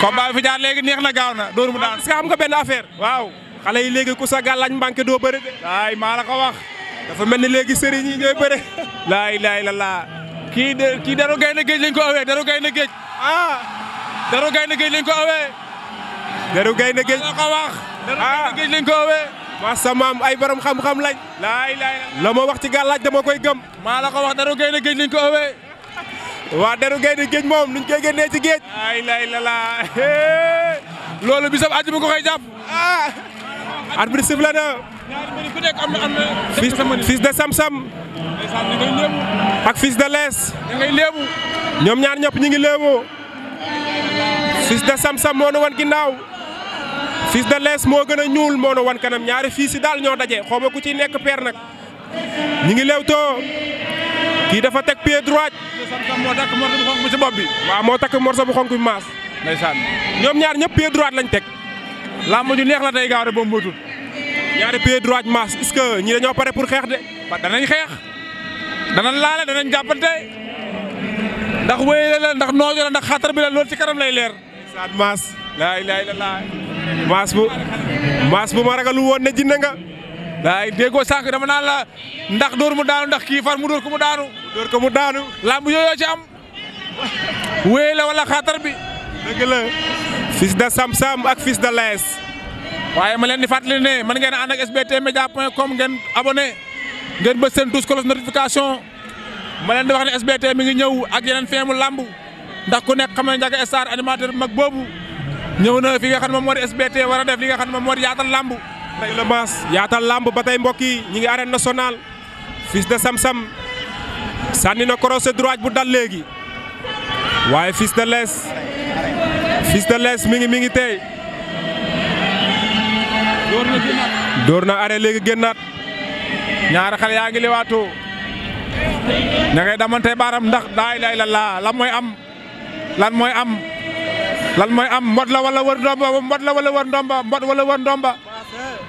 combat bi fi jaar léegi neex na gaaw na dóor mu daanu parce que am benn affaire waaw xale yi léegi ku sa gàllaaj doo bëri de laay maa ko wax dafa mel ni léegi sëriñ yi ñooy laay laay la laa kii de kii géej lañ ko awee daru gay na géej ah lañ ko awee daru gay géej ah géej lañ ko woowee ma ay borom xam-xam lañ la ma wax ci gàllaaj dama koy gëm maa la ko wax daru géej na géej ci géej laay laay la laa ko jàpp ah arbitre de Samsam ak fils de lees da ngay léebu ñëpp ñi ngi léeboo de Samsam moo nu wan ginnaaw Fils de Less moo gën a ñuul moo na wan kanam ñaari fils yi daal ñoo daje xaw ku ci nekk peer nag ñi ngi leew lewtoo kii dafa teg pied droit. moo takk morso bu xonk bi ci bopp bi. waa moo takk morso bu xonk bi maas. ndeysaan ñoom ñaar ñëpp pied droit lañ teg. làmb ju neex la tey gaaw de boobu motul. ñaari pied droit maas est que ñi dañoo pare pour xeex de. ba danañ xeex danañ laale danañ jàppante ndax wéy la ndax noojo la ndax xatar bi la loolu ci kanam lay leer. ndeysaan maas. laay laay la laay. maas bu maas bu ma ragalu woon ne jinne nga waaye déggoo sànq dama naan la ndax door mu daanu ndax kii far mu door ko mu daanu. dóor ko mu daanu. làmb yooyu ci am wéy la wala xaatar bi. dëgg la fils de Sam Sam ak fils de Lees. waaye ma leen di fàttali man mën ngeen a ànd ak SBT Media point com ngeen abonné ngeen bës seen tous cloche ma leen di wax ne SBT mi ngi ñëw ak yeneen feemu làmb ndax ku nekk xam ne Ndiaga Star animateur bu mag boobu. ñëw na fi nga xam ne moom moo war a def li nga xam ne moom moo di yaatal lamb yaatal lamb ba tey mbokk yi ñi ngi arène nationale fils de Samsam sànni na croisé bu dal léegi waaye fils de les lees de mi ngi mi ngi tey door na génnaat door na léegi génnaat ñaari xale yaa ngi lewaatoo na ngay baaram ndax daay lay la laa lan mooy am lan mooy am lan mooy am mbot la wala wër ndomba mbot la wala wër ndomba mbot wala wër ndomba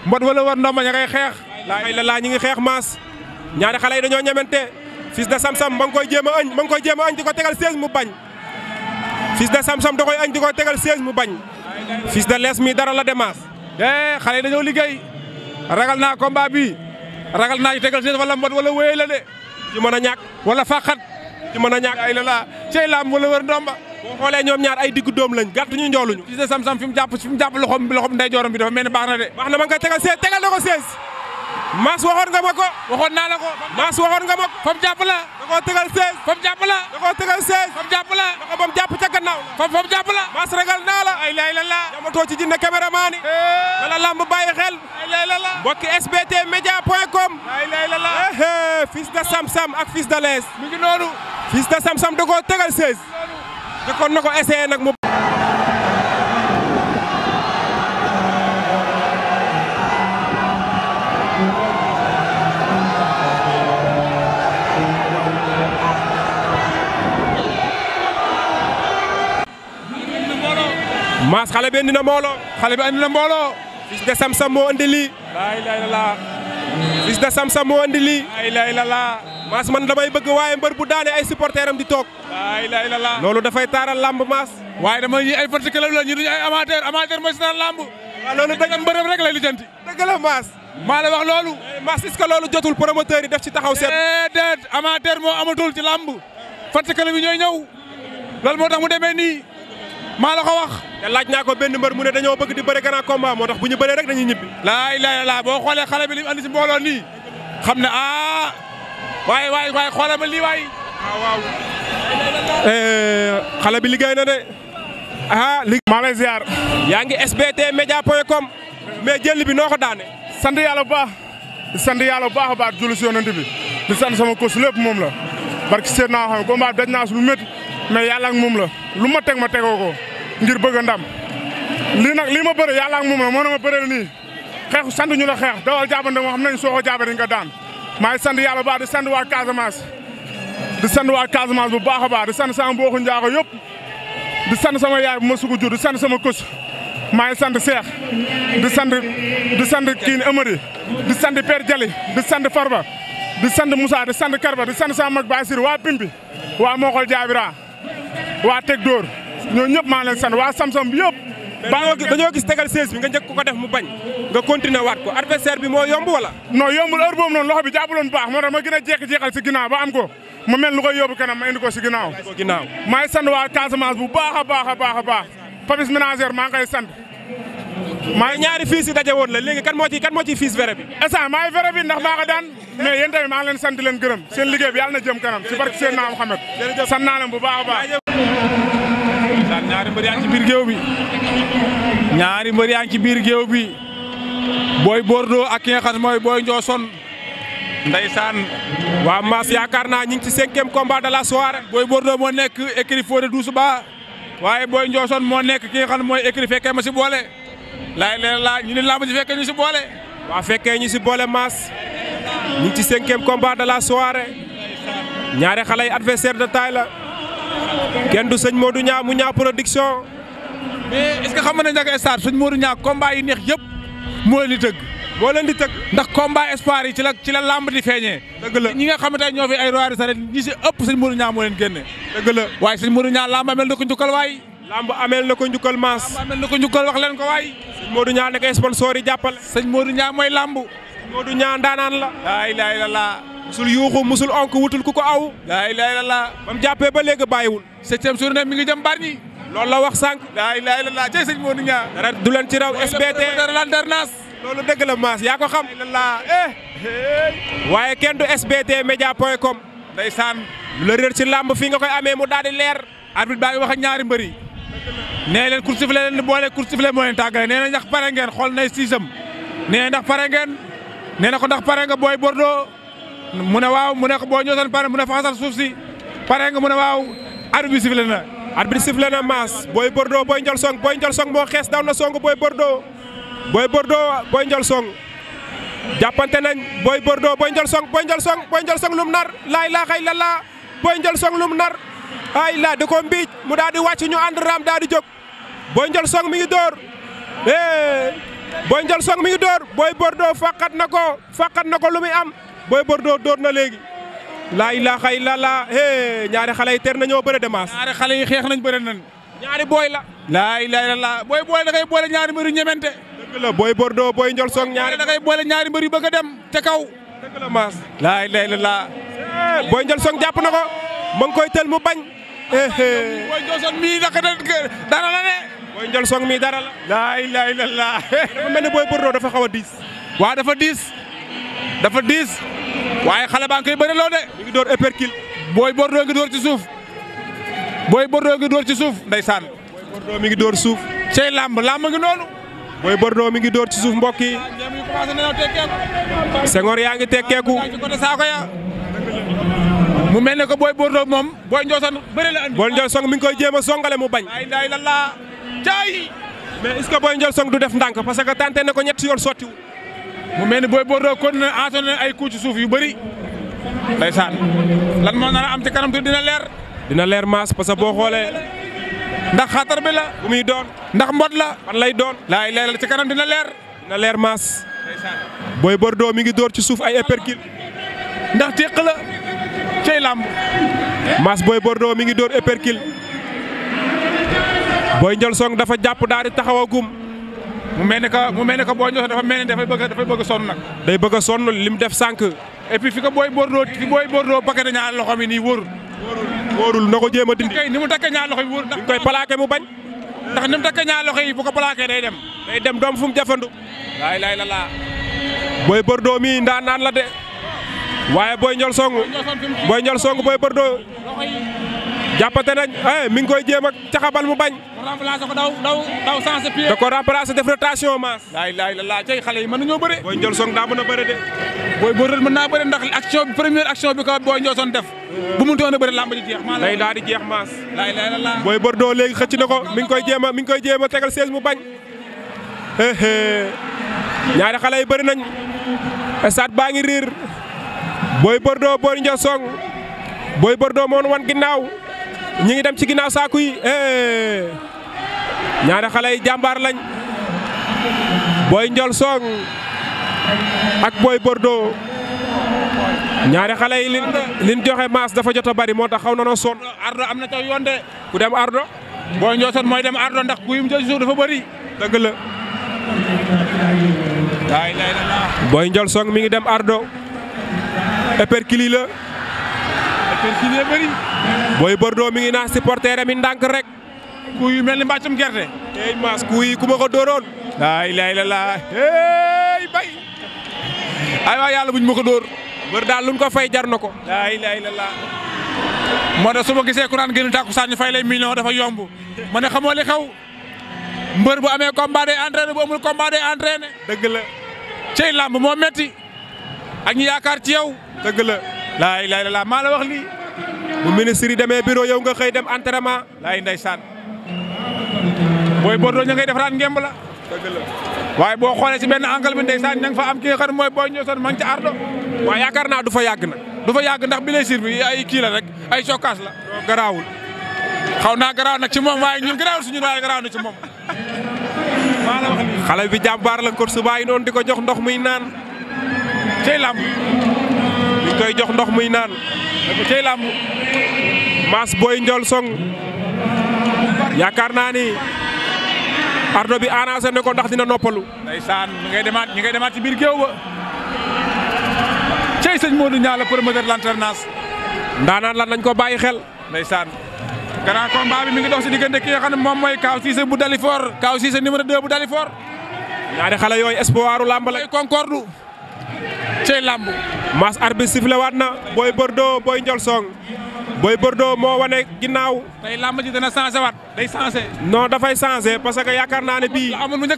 mbot wala wër ndomba ña ngay xeex laa la laa ñi ngi xeex maas ñaari xale yi dañoo ñemente fils de Samsam ma ngi koy jéem a añ ma ngi koy jéem a añ di ko tegal 16 mu bañ fis na Samsam da koy añ di ko tegal 16 mu bañ fils de lees mii dara la de maas eh dañoo liggéey ragal naa combat bi ragal naa ñu tegal 16 wala mbot wala wéy la de ci mën a ñàkk wala faaxat ci mën a ñàkk ay la laa cey laam wala wër boo xoolee ñoom ñaar ay diggu doom lañ gàtt ñu njooluñu gis na sam-sam fi mu jàpp fi mu jàpp loxom loxom ndeyjooram bi dafa mel baax na de baax na ma nga tegal sees tegal na ko sees maas waxoon nga ma ko waxoon naa la ko maas waxoon nga ma ko fa mu jàpp la da koo tegal sees fa mu jàpp la da koo tegal sees ba mu jàpp ca gannaaw regal naa la ay lay la la jamatoo ci lamb bàyyi xel mbokki sbt média point com ay lay la de Sam Sam ak fils de Less mi ngi noonu fils de Sam Sam da tegal sees te kon na ko essayé nag mu. maas xale bi indi na mbooloo xale bi indi na mbooloo Fils de Sam Sam moo indi lii. laa ilaaha illallaah. Fils de Sam Sam moo indi lii. laa ilaaha illallaah. maas man damay bëgg waaye mbër bu daane ay supporter am di toog. laa ilaaha illallaah loolu dafay taaral lamb maas. waaye dama ñi ay fans club la ñu duñu ay amateur amateur mooy seetaan lamb. waaw loolu dëgg la mbërëm rek lay lijjanti. dëgg maas. maa la wax loolu. Eh, maas est que loolu jotul promoteur yi def ci taxaw seet. déedéet amateur moo amatul ci lamb. fans club yi ñëw. loolu moo tax mu demee nii. maa la ko wax. te naa ko benn mbër mu ne dañoo bëgg di bëre grand combat tax bu ñu bëree rek dañuy ñibbi. laa ilaaha illallaah boo xoolee xale bi li mu waaye waay waay xoolal ma lii waay. waaw eh, waaw. bi liggéey na de ah. maa lay ziar. yaa ngi SBT Media point com mais jël bi noo ko daane. sant yàlla bu baax di sant bu baax a baax di si yonent bi di sant sama ko lépp moom la barki seet naa xam combat daj naa lu métti mais yàlla ak moom la lu ma teg ma tegoo ko ngir bëgg ndam lii nag lii ma bëre yàlla ak moom la moo na ma bëreel nii xeexu sant ñu la xeex dawal jaabante moo xam nañ soo ko jaabante nga daan. maa ngi sand yàlla bu baax di sant waa Casamance di sand waa Casamance bu baax a baax di sant sama mbokku njaago yëpp di sant sama yaay bu ma sugu jur di sant sama kës maa ngi sant Cheikh di sant di sant kiin di sant Père Jali di sand Farba di sant Moussa di sant Karba di sant sama mag Basir waa Pimbi waa Mokol Jaabira waa Teg Dóor ñoo ñëpp maa ngi leen sant waa Samsam bi yëpp ba dañoo gis tegal 16 bi nga njëkk ko def mu bañ nga continuer waat ko adversaire bi moo yomb wala non yombul heure boobu noonu loxo bi jàppaloon baax moo tax ma gën a jeex-jeexal si ginnaaw ba am ko ma mel lu koy yóbbu ma indi ko si ginnaaw maa ngi sant waa Casamance bu baax a baax a baax a baax maa ngi koy sant maa ñaari fiis daje woon la léegi kan moo ci fiis verre bi maa ngi verre ndax maa ko daan mais yéen maa ngi leen sant leen gërëm seen liggéey bi yàlla na jëm kanam ndeysaan ñaari mbër yaa ngi ci biir géew bi ñaari mbër yaa ngi ci biir géew bi Boy Bordeaux ak ki nga xam ne mooy Boy Ndiosson ndeysaan waa Mass yaakaar naa ñu ngi ci cinquième combat de la soirée Boy Bordeaux moo nekk écurie Fodé Doussouba waaye booy Ndiosson moo nekk ki xam ne mooy écurie fekkee ma si boole laay leen laa ñu ni lamb ji ñu si boole waa fekkee ñu si boole Mass ñu ngi ci cinquième combat de la soirée ñaari xale yi adversaire de taille la kenn du sëñ Modou Niang mu Niang production. mais est-ce que xam nga ne Ndiaga Star sëñ Modou Niang combat yi neex yëpp moo leen di tëgg. moo leen di tëgg ndax combat espoir yi ci la ci la lamb di feeñee. dëgg la ñi nga xam ne tey ñoo fi ay roi de saret ñi si ëpp sëñ Modou Niang moo leen génne. dëgg la waaye sëñ Modou Niang lamb amel na ko njukkal waay. lamb amel na ko njukkal maas. lamb amel na ko njukkal wax leen ko waay. sëñ Modou Niang nekk sponsor yi jàppale. sëñ Modou mooy lamb. sëñ Modou Niang ndaanaan la. la ilaha illallah musul yuuxu musul onk wutul ku ko aw laa ilaaha illallaah ba mu jàppee ba léegi bàyyiwul septième journée mi ngi jëm Bargny lool la wax sànq laa ilaaha illallaah cey dara du leen ci raw SBT l'alternance loolu dëgg la maas yaa ko xam laa eh waaye kenn du SBT média point kom day lu la réer ci làmb fii nga koy amee mu daal di leer arbitre baa wax ñaari mbër yi nee leen course sifflet leen boole course sifflet moo leen tàggale nee na ndax pare ngeen xool nay siisam nee na ndax pare ngeen nee na ko ndax pare nga booy Bordeaux mu ne waaw mu ne boo ñëwee pare mu ne faxasal suuf si pare nga mu ne waaw arbitre sifflé na. arbitre sifflé na maas booy Bordeaux booy Ndiol Song booy Ndiol Song moo xees daw na song booy Bordeaux booy Bordeaux booy Ndiol Song. jàppante nañ booy Bordeaux booy Ndiol Song Song booy Ndiol Song lum nar laay laa xay lalla booy Ndiol Song lum nar. ay laa da ko mbiic mu daal di wàcc ñu ànd raam daal di jóg booy Ndiol Song mi ngi door eh, booy Ndiol Song mi ngi door booy Bordeaux faqat na ko faqat na ko lu muy am. Boy Bordeaux dóor na léegi. laa ilaaha illallaah hee ñaari xale yi teer nañoo bëre demaas. ñaari xale yi xeex nañ bëre nañ. ñaari booy la. laa la illallaah booy booy da ngay boole ñaari mbër yu ñemente. dëgg la Boy Bordeaux Boy Ndiol Song ñaari da ngay boole ñaari mbër yu bëgg a dem te kaw. dëgg la maas. laa ilaaha illallaah. Boy Ndiol Song jàpp na ko ma ngi koy tël mu bañ. Boy Ndiol Song mii naka dara Boy Ndiol mii dara la. laa dafa mel ni Boy Bordeaux dafa xaw a diis. waa dafa diis dafa diis waaye xale baa ngi koy loo de. mi door épercule. booy Bordeaux ngi door ci suuf booy Bordeaux ngi door ci suuf ndeysaan. booy mi ngi door suuf. cey làmb làmb ngi noonu. booy Bordeaux mi ngi door ci suuf mbokk yi. Senghor yaa ngi tekkeeku. mu mel ne ko booy Bordeaux moom booy Ndiosone bëri la andi. booy Ndiosone mi ngi koy jéem songale mu bañ. ay lalla caay. mais est-ce que booy du def ndànk parce que tenté na ko ñetti yoon sottiwu mu mel ni Boy Bordeaux kon entonné ay coups ci suuf yu bëri ndeysaan lan moo nar am ci kanam tuuti dina leer. dina leer maas parce que boo xoolee. ndax xatar bi la. bu doon ndax mbot la. fan lay doon laay leeral ci kanam dina leer. dina leer maas. Boy doo mi ngi door ci suuf ay épercule. ndax teq la cey làmb. maas Boy doo mi ngi door épercule. Boy Ndiol Song dafa jàpp daal di taxaw mu mel ne que mu mel ne que booy Ndiol dafa mel ne dafay bëgg dafay bëgg sonn nag. day bëgg a sonn lim def sànq. et puis fi ko booy Bordeaux fi booy Bordeaux paquet ñaar loxo mi nii wóorul. wóorul na ko jéem a dindi. kay ni mu takkee ñaar loxo yi wóorul ndax. koy plaqué mu bañ. ndax ni mu takkee ñaar loxo yi bu ko plaqué day dem. day dem doom fu mu jafandu. laay laay la laa. booy Bordeaux mii ndaan naan la de. waaye booy Ndiol song. booy Ndiol song booy Bordeaux. jàppante nañ eh mi ngi koy jéem a caxabal mu bañ. mu remplacer ko daw daw da ko remplacer def rotation maas. laay laay la laa xale yi mën nañoo bëre. booy Ndiolson daa mën a bëre de. booy boo mën naa bëre ndax action bi première action bi ko booy Ndiolson def. bu a bëre daal di jeex maas. laay laay la laa. na ko mi ngi koy jéem a mi ngi koy jéem tegal seize mu bañ. Eh, eh. ñaari xale yi bëri nañ. stade baa ngi riir. booy Bordeaux booy Ndiolson. booy Bordeaux moo wan ginnaaw ñi ngi dem ci ginnaaw saaku yi eh. ñaari xale yi jàmbaar lañ booy njol song ak booy Bordeaux ñaari xale yi liñ joxe maas dafa jot bari moo tax xaw na noo sonn. ardo am na ca yoon de ku dem ardo booy njol song mooy dem ardo ndax guy mu jël suuf dafa bari dëgg booy njol song mi ngi dem ardo éperculi percuité bëri. Boy Bordeaux mi ngi naan supporter am ndànk rek. ku yu mel ni mbàccum gerte. ey maas ku ku ma dóoroon. ay lay la laa bay. ay waa yàlla buñ ma ko dóor. bër daal luñ ko fay jar na ko. lay laa. moo tax su ma gisee ku naan gën a tàkku saa ñu fay lay million dafa yomb ma ne xamoo xew. mbër bu amee combat day entraîné bu amul combat day entraîné. dëgg la. làmb moo metti ak ñu yaakaar ci yow. dëgg laa ilaha illallah maa la wax lii bu ministre yi demee bureau yow nga xëy dem entraînement laay ndeysaan booy Bordeaux ña ngay defaraat ngemb la. waaye boo xoolee si benn angle bi ndeysaan ña nga fa am ki nga xam mooy booy ñëw ma ngi ca ardo waaye yaakaar naa du fa yàgg nag du fa yàgg ndax blessure bi ay kii la rek ay cokkaas la. garaawul xaw naa garaaw nag ci moom waaye ñun garaawul suñu waaye garaaw na ci moom. xale bi jàmbaar la ko su bàyyi noonu di ko jox ndox muy naan cey ngi jox ndox muy naan cey làmb Mass Boy Ndiol Song yaakaar naa ni ardo bi arrangé na ko ndax dina noppalu. ndeysaan mi ngay demaat ñi ngay demaat ci biir géew ba cey sëñ Modou Niang la promoteur l'alternance ndaanaan lan dañ ko bàyyi xel ndeysaan grand combat bi mi ngi dox si diggante ki nga xam moom mooy Kaaw Cissé bu Dalifor Kaaw Cissé numéro 2 bu Dalifor ñaari xale yooyu espoiru làmb la Concorde cey làmb maas arbitre sifflé waat na Boy Bordeaux Boy Ndiolsong Boy Bordeaux moo wane ginnaaw. tey làmb ji dana changé waat day changé. non dafay changé parce que yaakaar naa ne bii. amul mu bu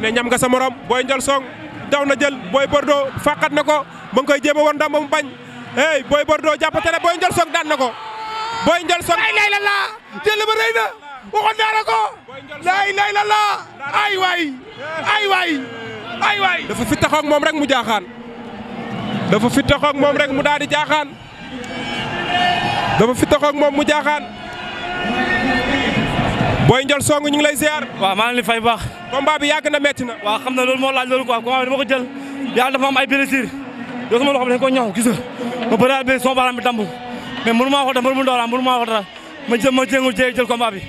du ñam nga sa morom Boy Ndiolsong daw na jël Boy Bordeaux fàqat na ko mu ngi koy jéem a wan ndam ba mu bañ. hey Boy Bordeaux jàppante ne Boy Ndiolsong daan na ko. Boy Ndiolsong ay lay la laa jël na. waxoon naa la ko. laa ilaaha ay waay ay waay ay waay. dafa fi taxaw ak moom rek mu jaaxaan. dafa fi taxaw ak moom rek mu daal di jaaxaan. dafa fi taxaw moom mu jaaxaan. Boy Ndiol Songu ñu ngi lay ziar. waaw maa ngi leen fay bu baax. combat bi yàgg na metti na. waaw xam na loolu moo laaj loolu quoi combat bi dama ko jël yàlla dafa am ay blessure yoo sama loxo bi dañ ko ñaw gis nga ma bëraat bi sama baaraam bi dambu mais mënu maa ko def mënu ma dooraam mënu maa ko dara ma jël ma jéngu jël combat bi.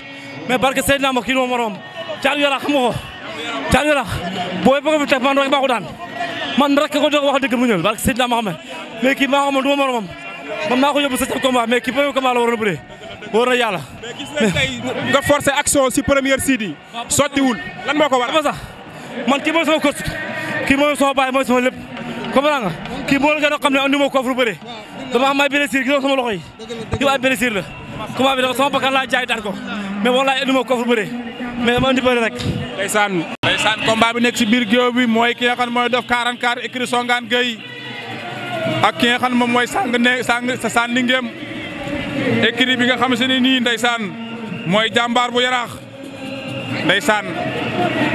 mais barke Seydina ma kii moom morom Thiatou Yarakh xam nga ko Thiatou Yarakh boo bëgg fi man rek maa ko daan man rek ko jox wax dëgg mu ñëw barke Seydina ma xamee mais kii maa xamal du ma moromam man maa ko yóbbu septième combat mais kii premier combat la waroon a bëree wóor na yàlla. mais gis nañ si première seed yi. sottiwul lan moo man kii mooy sama coach kii mooy sama baay mooy sama lépp comprends nga kii moo la gën ne andi ma ko dama am ay blessure gis sama loxo yi yow ay blessure la combat bi dafa sama bakkan laa jaay daan ko mais wallaay indi ma ko bëree mais dama indi bëri rek ndeysaan bi nekk si biir géew bi mooy ki nga xam mooy dof 44 écrit songaan Gueye ak ki xam ne moom mooy sàng ne sàng sa sànni ngéem bi nga xam se ne nii ndeysaan mooy jàmbaar bu yaraax ndeysaan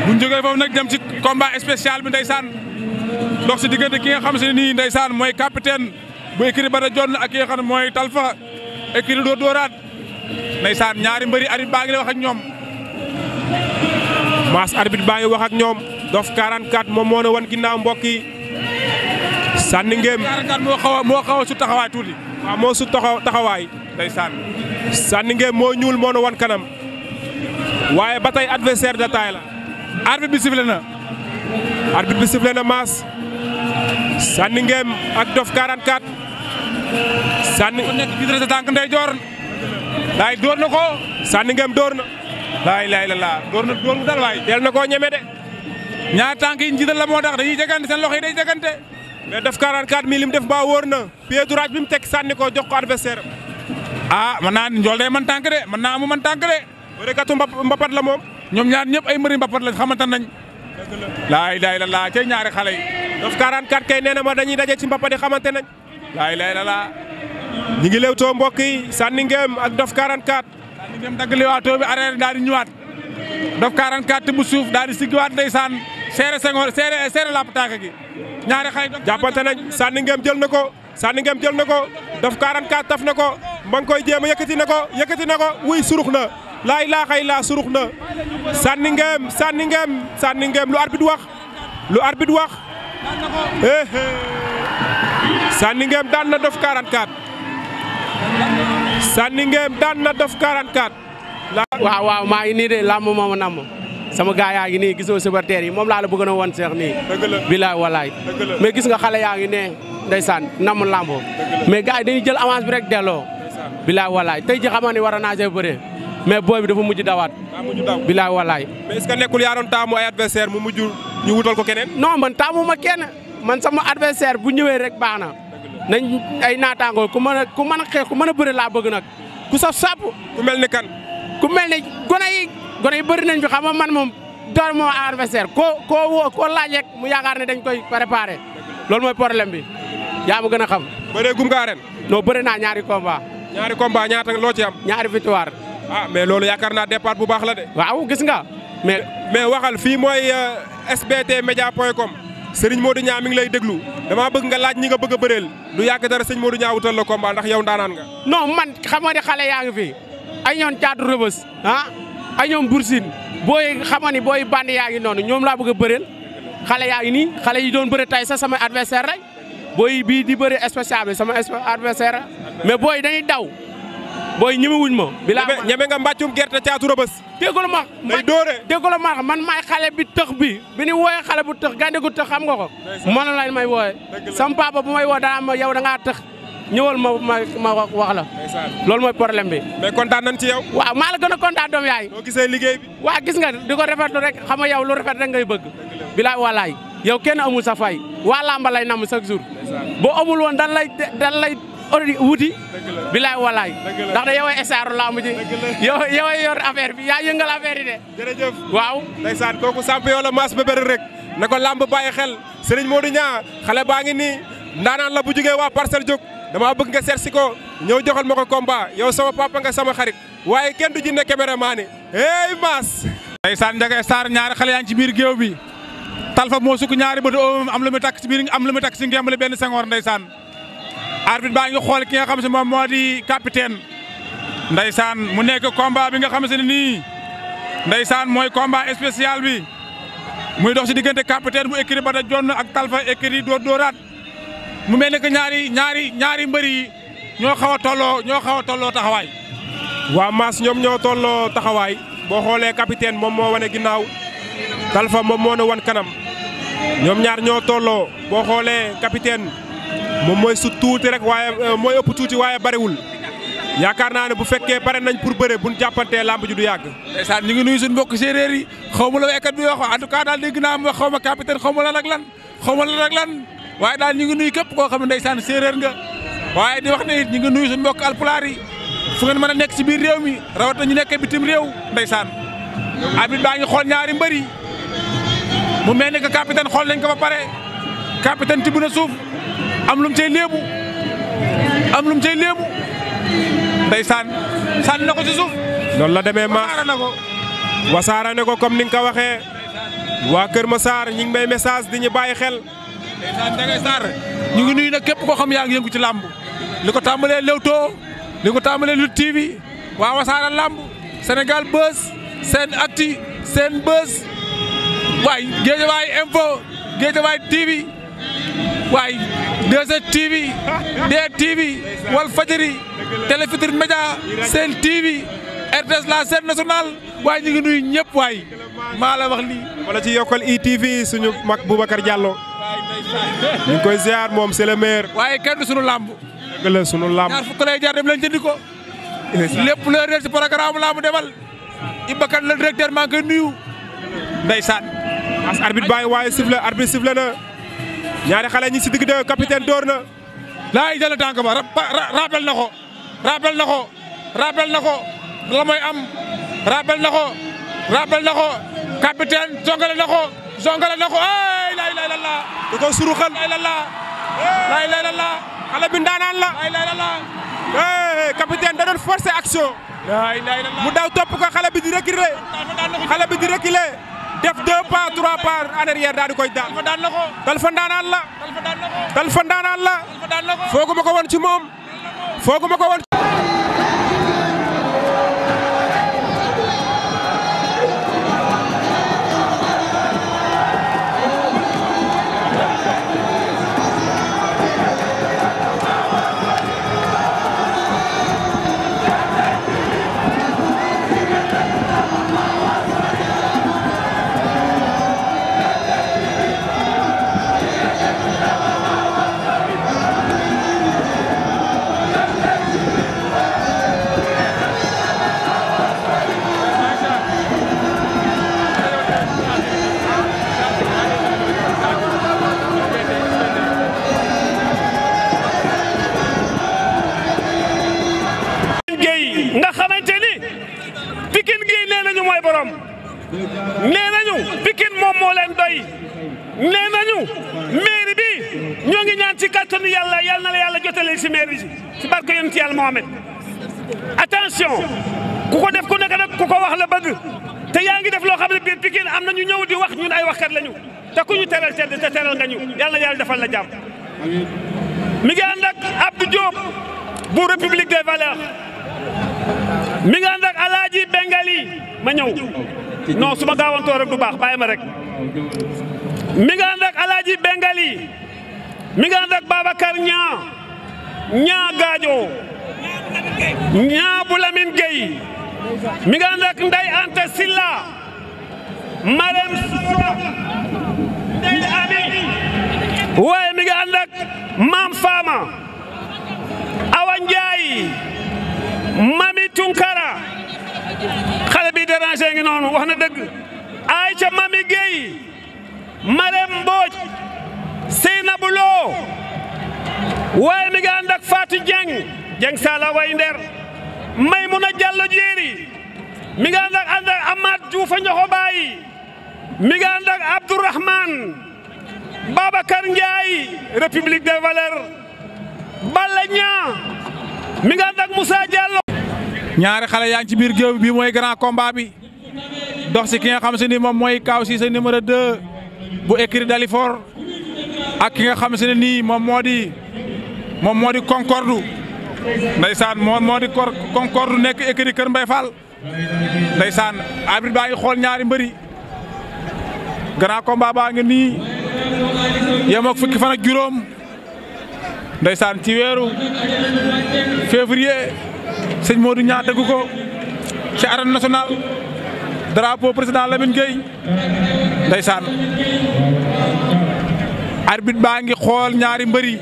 bu ñu jógee foofu nag dem si combat spécial bi ndeysaan dox si diggante ki nga xam se ne nii ndeysaan mooy capitaine bu écrit ba da jonn ak ki nga xam ne mooy talfa écrit doo dooraat ndeysaan ñaari mbëri arbitre baa ngi lay wax ak ñoom maas arbitre baa ngi wax ak ñoom dof 44 moom moo ne wan ginnaaw mbokk yi sànni ngéem 44 moo xaw moo xaw a su taxawaay tuuti waaw moo su taxawaay ndeysaan moo ñuul moo ne wan kanam waaye ba tey adversaire de taille la arbitre bi sifflé na arbitre bi sifflé na maas sànni ngeem ak dof 44 sànni ku nekk Idrissa tànk ndeyjoor laay door na ko sànni ngeem door na laay laay la laa door na door mu dal waay del na koo ñeme de ñaar tànk yi njiital la moo dax tax dañuy jegante seen loxo yi day jegante mais dof 44 mi def ba wóor na pied droit bi mu teg sànni ko jox ko adversaire ah man naa njool day man tànk de man naa ma man tànk de bëre katu mbapat la moom ñoom ñaar ñëpp ay mbëri mbapat la xamante nañ laay laay la laa cay ñaari xale yi. dof 44 kay nee na ma dañuy daje ci mbappa di xamante nañ. laay laay la laa ñi ngi lewtoo mbokk yi sànni ngeem ak dof 44. sànni ngeem dagg liwaatoo bi arrière daal di ñëwaat. dof bu suuf daal di siggiwaat ndeysaan seere sengoor seere seere làpp taaka gi. ñaari xale yi jàppante nañ sànni jël na ko. sànni ngeem jël na ko dof 44 taf na ko mba nga koy jéem a na ko yëkkati na ko wuy surux na. laa ilaaha laa surux na sànni ngeem sànni ngeem sànni ngeem lu arbitre wax lu arbitre wax éhé eh, eh. sànni ngeem daan na dof 44 sànni ngeem na dof 44. waaw waaw maa ngi nii de làmb moom a sama gaa yaa ngi nii gisoo supporters yi moom laa la bëggoon a wan seex nii. dëgg la bilaay walaay mais gis nga xale yaa ngi ne ndeysaan namm làmb mais gars yi dañuy jël avance bi rek deloo bilaay walaay tey ji xam nga ni war a naajee mais booy bi dafa mujj dawaat. daa mujj daw bilaay walaay. mais est ce que nekkul yaa doon taamu ay adversaire mu mujj ñu wutal ko keneen. non man taamu ma kenn man sama adversaire bu ñëwee rek baana nañ ay naataangoo ku mën a ku mën a xeex ku mën a bëri laa bëgg nag ku saf sàpp. ku mel ne kan. ku mel ni gone yi gone yi bëri nañ xam nga man moom door moo adversaire ko koo woo koo laaj mu yaakaar ne dañ koy préparé loolu mooy lem bi yaa ma gën a xam. bëree gum nga ren. non bëri naa ñaari combat ñaari combat ñaata loo ci am. ñaari victoire. ah mais loolu yaakaar naa départ bu baax la de. waaw gis nga mais. mais waxal fii mooy euh, sbtmedia.com Serigne Modou Niang mi ngi lay déglu damaa bëgg nga laaj ñi nga bëgg a bëreel du yàgg dara sëñ Modou Niang wutal la combat ndax yow ndaanaan nga. no man xam nga ne xale yaa ngi fi ay ñoon caatu rëbës ah ay ñoom bursin booy xam nga ni booy band yaa ngi noonu ñoom laa bëgg a bëreel xale yaa ngi nii xale yi doon bëre tay sa sama adversaire rek booy bii di bëre spécial bi sama adversaire mais booy dañuy daw. booy ñemewuñ ma. bilaa ñeme nga mbàccum gerte caatu rëbës. déggoo la ma day dóore déggoo man maay xale bi tëx bi bi ni wooyee xale bu tëx gande gu tëx xam nga ko. man lañ may wooyee. sam papa bu may woo dana ma yow da ngaa tëx. ñëwal ma ma ma wax la. loolu mooy problème bi. mais kontaan nañ ci yow. waaw maa la gën a kontaan doom yaay. boo liggéey bi. waaw gis nga di ko rafetlu rek xam nga yow lu rafet rek ngay bëgg. bilaay walaay yow kenn amul sa fay. waa làmba lay nam chaque jour. boo amul woon dan lay dan lay ori wuti bilaay walaay ndax de yow ay esaaru lamb ji yow yow yor bi yaa yëngal affaire yi de waaw ndeysaan kooku samp yow la maas ba bëri rek na ko lamb bàyyi xel Serigne Modou ñaa xale baa ngi ni ndaanaan la bu jógee waa parcelle jóg dama bëgg nga seet si ko ñëw joxal ma ko combat yow sama papa nga sama xarit waaye kenn du jinne caméraman hey maas ndeysaan njaga esaaru ñaari xale yaa ngi ci biir géew bi talfa moo sukk ñaari bët am lu mu takk ci biir am lu mu arbitre baa ngi xool ki nga xam si moom moo di capitaine ndeysaan mu nekk combat bi nga xam si ne nii ndeysaan mooy combat spécial bi muy dox si diggante capitaine bu écrit ba da jonn ak talfa écrit dóor dooraat mu mel ne que ñaari ñaari ñaari mbër yi ñoo xaw a tolloo ñoo xaw a tolloo taxawaay. waa Mass ñoom ñoo tolloo taxawaay boo xoolee capitaine moom moo wane ginnaaw talfa moom moo ne wan kanam ñoom ñaar ñoo tolloo boo xoolee capitaine. moom mooy su tuuti rek waaye euh, mooy ëpp tuuti waaye bariwul yaakaar naa ne bu fekkee pare nañ pour bëre buñ jàppantee làmb ji du yàgg ndeysaan ñu ngi nuyu suñu mbokk séeréer yi xaw ma la wekkat bi wax en tout cas dégg naa am wax xaw ma capitaine xaw ma lan ak lan xaw ma lan ak lan waaye daal ñu ngi nuy képp koo xam ne ndeysaan séeréer nga waaye di wax na it ñu ngi nuyu suñu mbokk alpulaar yi fu ngeen mën a nekk si biir réew mi rawatina ñu nekk bitim réew ndeysaan abit baa ngi xool ñaari mbëri mu mel ni que capitaine xool nañ ko ba pare capitaine tibb na suuf am lum cay léemu am lum cay léemu ndeysaan sànni na ko ci suuf. loolu la demee ma wasaare na ko. wasaare ne ko comme ni nga ko waxee waa Kër Massar ñu ngi may message di ñu bàyyi xel. ndeysaan ñu ngi nuyu nag képp koo xam yaa ngi yëngu ci làmb li ko tàmbalee Leewtoo li ko tàmbalee lu TV waa wasaare làmb Sénégal Buzz seen acti seen Buzz waay Guédiawaye info Guédiawaye TV waay. 2STV DTV Walfadjri Télé Futurs Médias Sen TV RTS la chaîne nationale waaye ñu ngi nuyu ñëpp waay maa la wax lii. wala ci yokkal ITV e suñu mag Boubacar Diallo ñu koy ziar moom c'est le maire. waaye kenn du suñu làmb. dëgg la suñu làmb ñaar fukk lay leen jëndi ko. lépp loo réer ci la directeur maa ngi nuyu. ndeysaan. as arbitre bàyyi waaye siffle arbitre siffle na. ñaari xale ñi si digg de capitaine door na. laa yi jëlee ba rappel na ko rappel na ko rappel na ko la am rappel na ko rappel na ko capitaine jongale na ko jongale na ko ay lay lay la laa. da la laa. lay la laa xale bi ndaanaan la lay laa. capitaine da doon forcer mu daw topp ko xale bi di reculer. xale bi di reculer. def deux pas trois pas en arrière daal di koy daan. daan na ko Talfa ndaanaan la. Talfa ndaanaan la. fooguma ko woon ci moom. fooguma ko woon. mi ngi ànd ak bu République des Valeurs mi ngi ànd Alaaji Bengali ma ñëw non ma gaawantoo du baax bàyyi ma rek mi ngi ànd Alaaji Bengali mi ngi ànd ak Babacar ñaa ñaa Gaajo ñaa bu Lamine Gueye mi ngi ànd ak Anta Silla Marème jeng sala way ndeer Maymuna Jallo Jeeri mi nga ànd ak ànd ak Amath Diouf mi nga ànd ak Abdourahman Babacar Ndiaye République des Valeurs Balla Niang mi nga ànd ak Moussa Diallo ñaari xale yaa ngi ci biir géew bi mooy grand combat bi dox si ki nga xam se ni moom mooy Kaaw Cissé numéro 2 bu écrit Dalifor ak ki nga xam se nii moom moo di moom moo di Concorde ndeysaan moo moo di kor Concorde nekk écurie Kër Mbay fal ndeysaan arbitre baa ngi xool ñaari mbëri grand combat baa ngi nii yem ak fukki juróom ndeysaan ci weeru février sëñ Modou ñaa dëgg ko ci arène nationale drapeau président Lamine Gueye ndeysaan arbitre baa ngi xool ñaari mbëri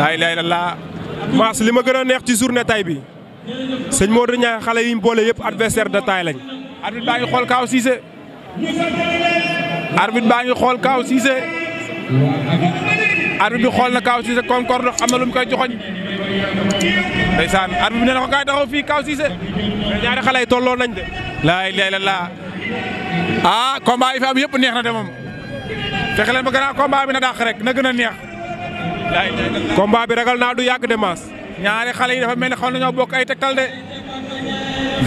laa ilaaha illallaah maas li ma gën a neex ci journée tay bi sëñ Modou Niang xale yi mu boole yëpp adversaire de taille lañ. arbitre baa ngi xool Kaaw Cissé arbitre baa ngi xool Kaaw Cissé arbitre bi xool na Kaaw Cissé Concorde xam na lu mu koy joxoñ ndeysaan arbitre bi nee na ko kaay taxaw fii Kaaw Cissé ñaari xale yi tolloo nañ de. laa ilaaha illallaah ah combat yi fi am yëpp neex na de moom fexe leen ba gannaaw combat bi na dàq rek na gën a neex. combat bi ragal naa du yàgg de maas. ñaari xale yi dafa mel ni xaw nañoo bokk ay tegtal de.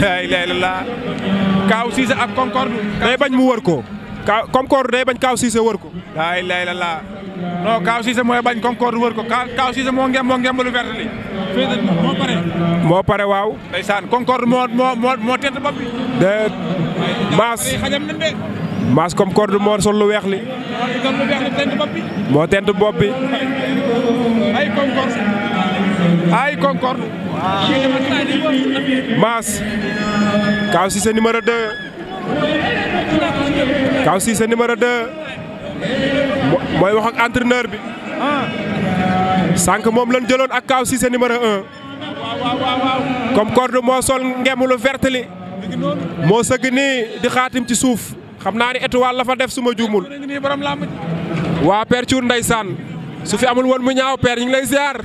la ilaha illallah. Kaaw Cissé ak Concorde. day bañ mu wër ko. Kaaw Concorde day bañ Kaaw Cissé wër ko. la ilaha illallah. non Kaaw Cissé mooy bañ Concorde wër ko Kaaw Cissé moo ngem moo ngem lu vert li. moo pare. waaw. ndeysaan Concorde moo moo moo moo tent maas maas comme corde moo sol lu weex li moo tent bopp bi ay concorde ay concorde maas Kaaw Cissé numéro 2 numéro 2 mooy wax ak entraîneur bi sanq moom lañ jëloon ak Kaaw Cissé numéro 1 comme corde moo sol ngemu lu vert li moo sëgg nii di xaatim ci suuf xam naa ni étoile la fa def su ma juumul waa Père Thioune ndeysaan su fi amul won mu ñaaw Père ñu ngi lay ziar.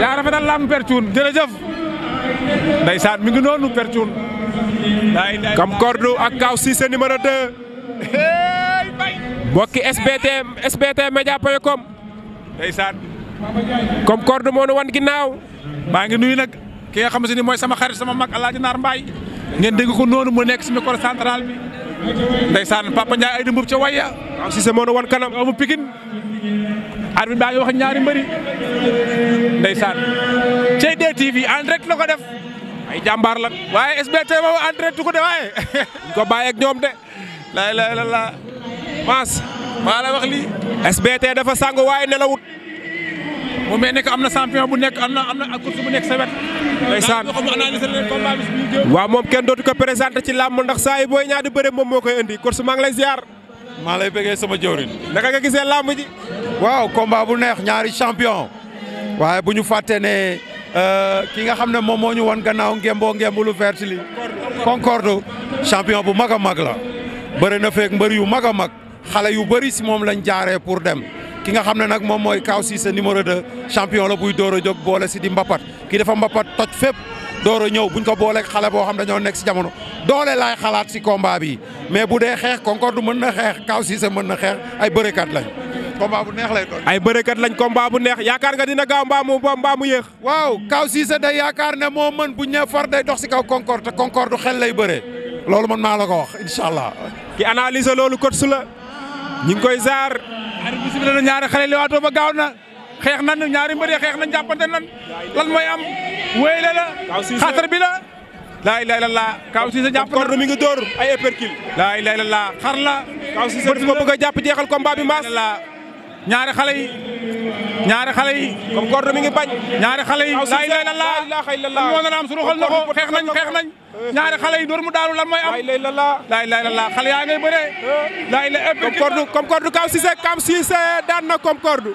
yaa rafetal làmb Père Thioune jërëjëf ndeysaan mi ngi noonu Père Thioune Kam Kordu ak Kaaw Cissé numéro 2 mbokki SBT SBT Média point com ndeysaan Kam Kordu moo nu wan ginnaaw maa ngi nuyu nag ki nga xam si ni mooy sama xarit sama mag Alaaji Naar Mbaay ngeen dégg ko noonu mu nekk si micro central bi ndeysaan Papa Ndiaye ay dëmbub ca waya waaw si sa moo wan kanam amu Pikine arbitre baa wax ñaari mbëri ndeysaan cey DTV en direct la ko def ay jàmbaar la waaye SBT moom en direct ko de waaye ko bàyyi ak ñoom de lay lay la maas maa la wax lii SBT dafa sangu waaye nelawut mu mel am na champion bu nekk am na am na course bu nekk sa wet. ndeysaan moom kenn dootu ko présenté ci làmb ndax saa yi booy ñaari bëre moom moo koy indi course maa lay ziar. maa lay bëggee sama jëwriñ. naka nga gisee làmb ji. waaw combat bu neex ñaari champion. waaye bu ñu fàtte ne euh, ki nga xam ne moom moo ñu wan gannaaw ngemboo ngembu lu vert li. Concorde champion bu mag a mag la. bëri na feek mbër yu mag a mag xale yu bëri si moom lañ jaaree pour dem ki nga xam ne nag mooy a jóg boole si di mbapat kii dafa mbapat toj a boo xam dañoo nekk si jamono doole laay xalaat si combat bu dee xeex Concorde mën na xeex Kaaw Cissé mën na ay bërekat lañ. combat bu neex lay doon. ay bërekat lañ combat bu neex yaakaar nga dina gaaw mbaa mu mbaa mu yéex. waaw Kaaw Cissé day yaakaar ne moo mën bu ñëw far day dox si kaw Concorde te Concorde xel lay bëree loolu man maa la ko wax incha allah. ki analyser loolu coach la ñu ngi koy zaar arbitre bi sifflé na ñaari xale lewaatoo ba gaaw na xeex nan ñaari mbër xeex nan jàppante nan lan mooy am wéy la la xatar bi la laa ilaaha illallaah Kaaw Cissé mi nga dóor ay épercule laa ilaaha illallaah xar la Kaaw Cissé ko bëgg a jàpp jeexal combat bi maas ñaari xale yi ñaari xale yi comme Gordo mi ngi bañ ñaari xale yi la ilaha illallah moo na am sunu xol na ñaari xale yi door mu daanu lan am la ilaha illallah la ilaha illallah xale yaa ngay bëree eh. la ilaha comme Gordo comme Gordo Kaw Cissé Kaw Cissé daan na comme Gordo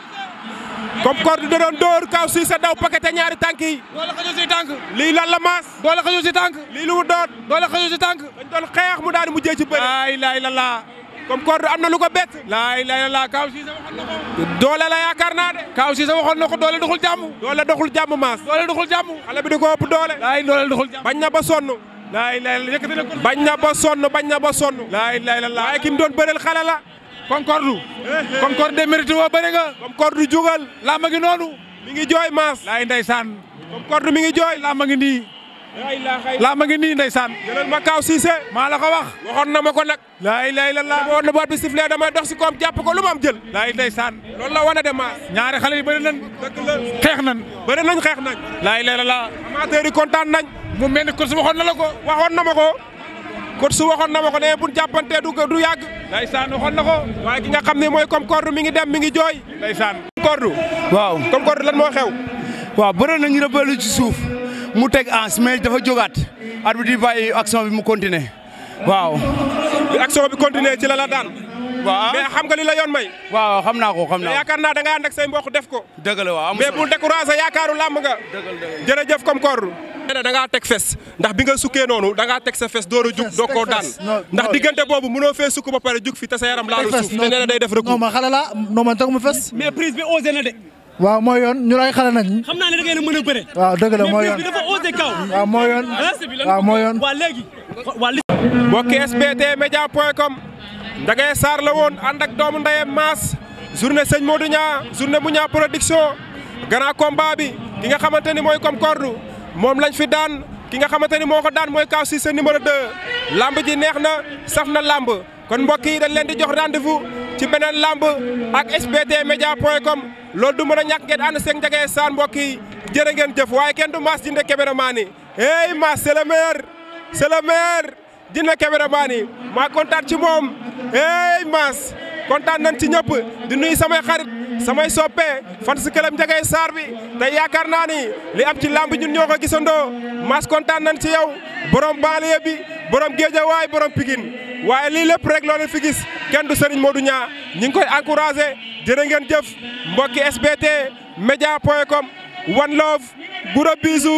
comme Gordo da doon dóor Kaw Cissé daw pakete ñaari tànk yi doole xaju si tànk lii lan la maas doole xaju si tànk lii lu mu doot doole xaju si tànk dañ doon mu daanu mujjee ci bëri comme Kordu am na lu ko bett. laay lay la Kaaw Cissé waxoon na doole la yaakaar naa de. Kaaw Cissé waxoon na ko doole doxul jàmm. doole doxul jàmm maas. doole doxul jàmm. xale bi di ko ëpp doole. laay doole doxul jàmm bañ na ba sonn. laay lay la yëkkati na ko. na ba sonn bañ na ba la waaye doon bëreel xale la. Concorde. Eh, eh. Concorde de mérite woo bëri nga. Concorde jugal. laa ma ngi noonu. mi ngi jooy maas. laay ndeysaan. Concorde mi ngi jooy. laa ma laa ma ngi nii ndeysaan jëlal ma kaaw siise maa la ko wax waxoon na ma ko nag laa ilaaha illallaah dama woon na boot bi siflee damay dox si koom jàpp ko lu ma am jël laa ndeysaan loolu la wane de maas ñaari xale yi bëri nañ dëgg xeex nañ bëri nañ xeex nañ laa ilaaha illallaah amateur yi kontaan nañ mu mel ni coach waxoon na la ko wax waxoon na ma ko coach waxoon na ma ko ne bu jàppantee du du yàgg ndeysaan waxoon na ko waaye ki nga xam ne mooy comme corde mi ngi dem mi ngi jooy ndeysaan corde waaw comme corde lan moo xew waaw bëri nañ rëbëlu ci suuf mu teg ans mais dafa jógaat arbitre bi bàyyi action bi mu continuer waaw. action bi continuer ci la la daan. waaw xam nga li la yoon may. waaw xam naa ko xam naa ko yaakaar naa da nga ànd ak say mbokk def ko. dëgg la waaw mais bu découragé yaakaaru làmb nga. dëgg la dëgg la comme koor. nee na da ngaa teg fes ndax bi nga sukkee noonu da ngaa teg sa fes door a jug doo koo daan ndax diggante boobu mënoo fee sukk ba pare jug fi te sa yaram laalu suuf te nee na day def recours. non man xale ma fes. mais prise bi osé na de. waaw mooy yoon ñu lay xale nañ. xam naa ne da ngeen a mën a bëre. waaw dëgg la moo yoon mais dafa osé kaw. waaw mooy yoon ah, waaw mooy yoon. waa léegi. mbokki SBT Média point com. Ndagay Sarr la woon ànd ak doomu ndeyam Maas. journée sëñ Modou Niang journée bu Niang production. grand combat bi ki nga xamante ni mooy Concorde moom lañ fi daan ki nga xamante ni moo ko daan mooy Kaw Cissé numéro de lamb ji neex na saf na lamb. kon mbokk yi dañ leen di jox rendez-vous ci beneen lamb ak sbtmedia.com lool du mën a ñàkk ngeen ànd seeg njagee saan mbokk yi jërë ngeen jëf waaye kenn du Mass Djiné Cameraman hey Mass c'est le maire c'est le maire Djiné Cameraman maa kontaan ci moom hey Mass kontaan nañ ci ñëpp di nuyu samay xarit samay soppee fan si këlëb njagay saar bi te yaakaar naa ni li am ci làmb ñun ñoo ko gisandoo mas kontaan nañ ci yow borom banlieue bi borom géejawaay borom Pikine waaye lii lépp rek loo leen fi gis kenn du Serigne Modou Niang ñi ngi koy encouragé jërë ngeen jëf mbokki SBT media point com one love gros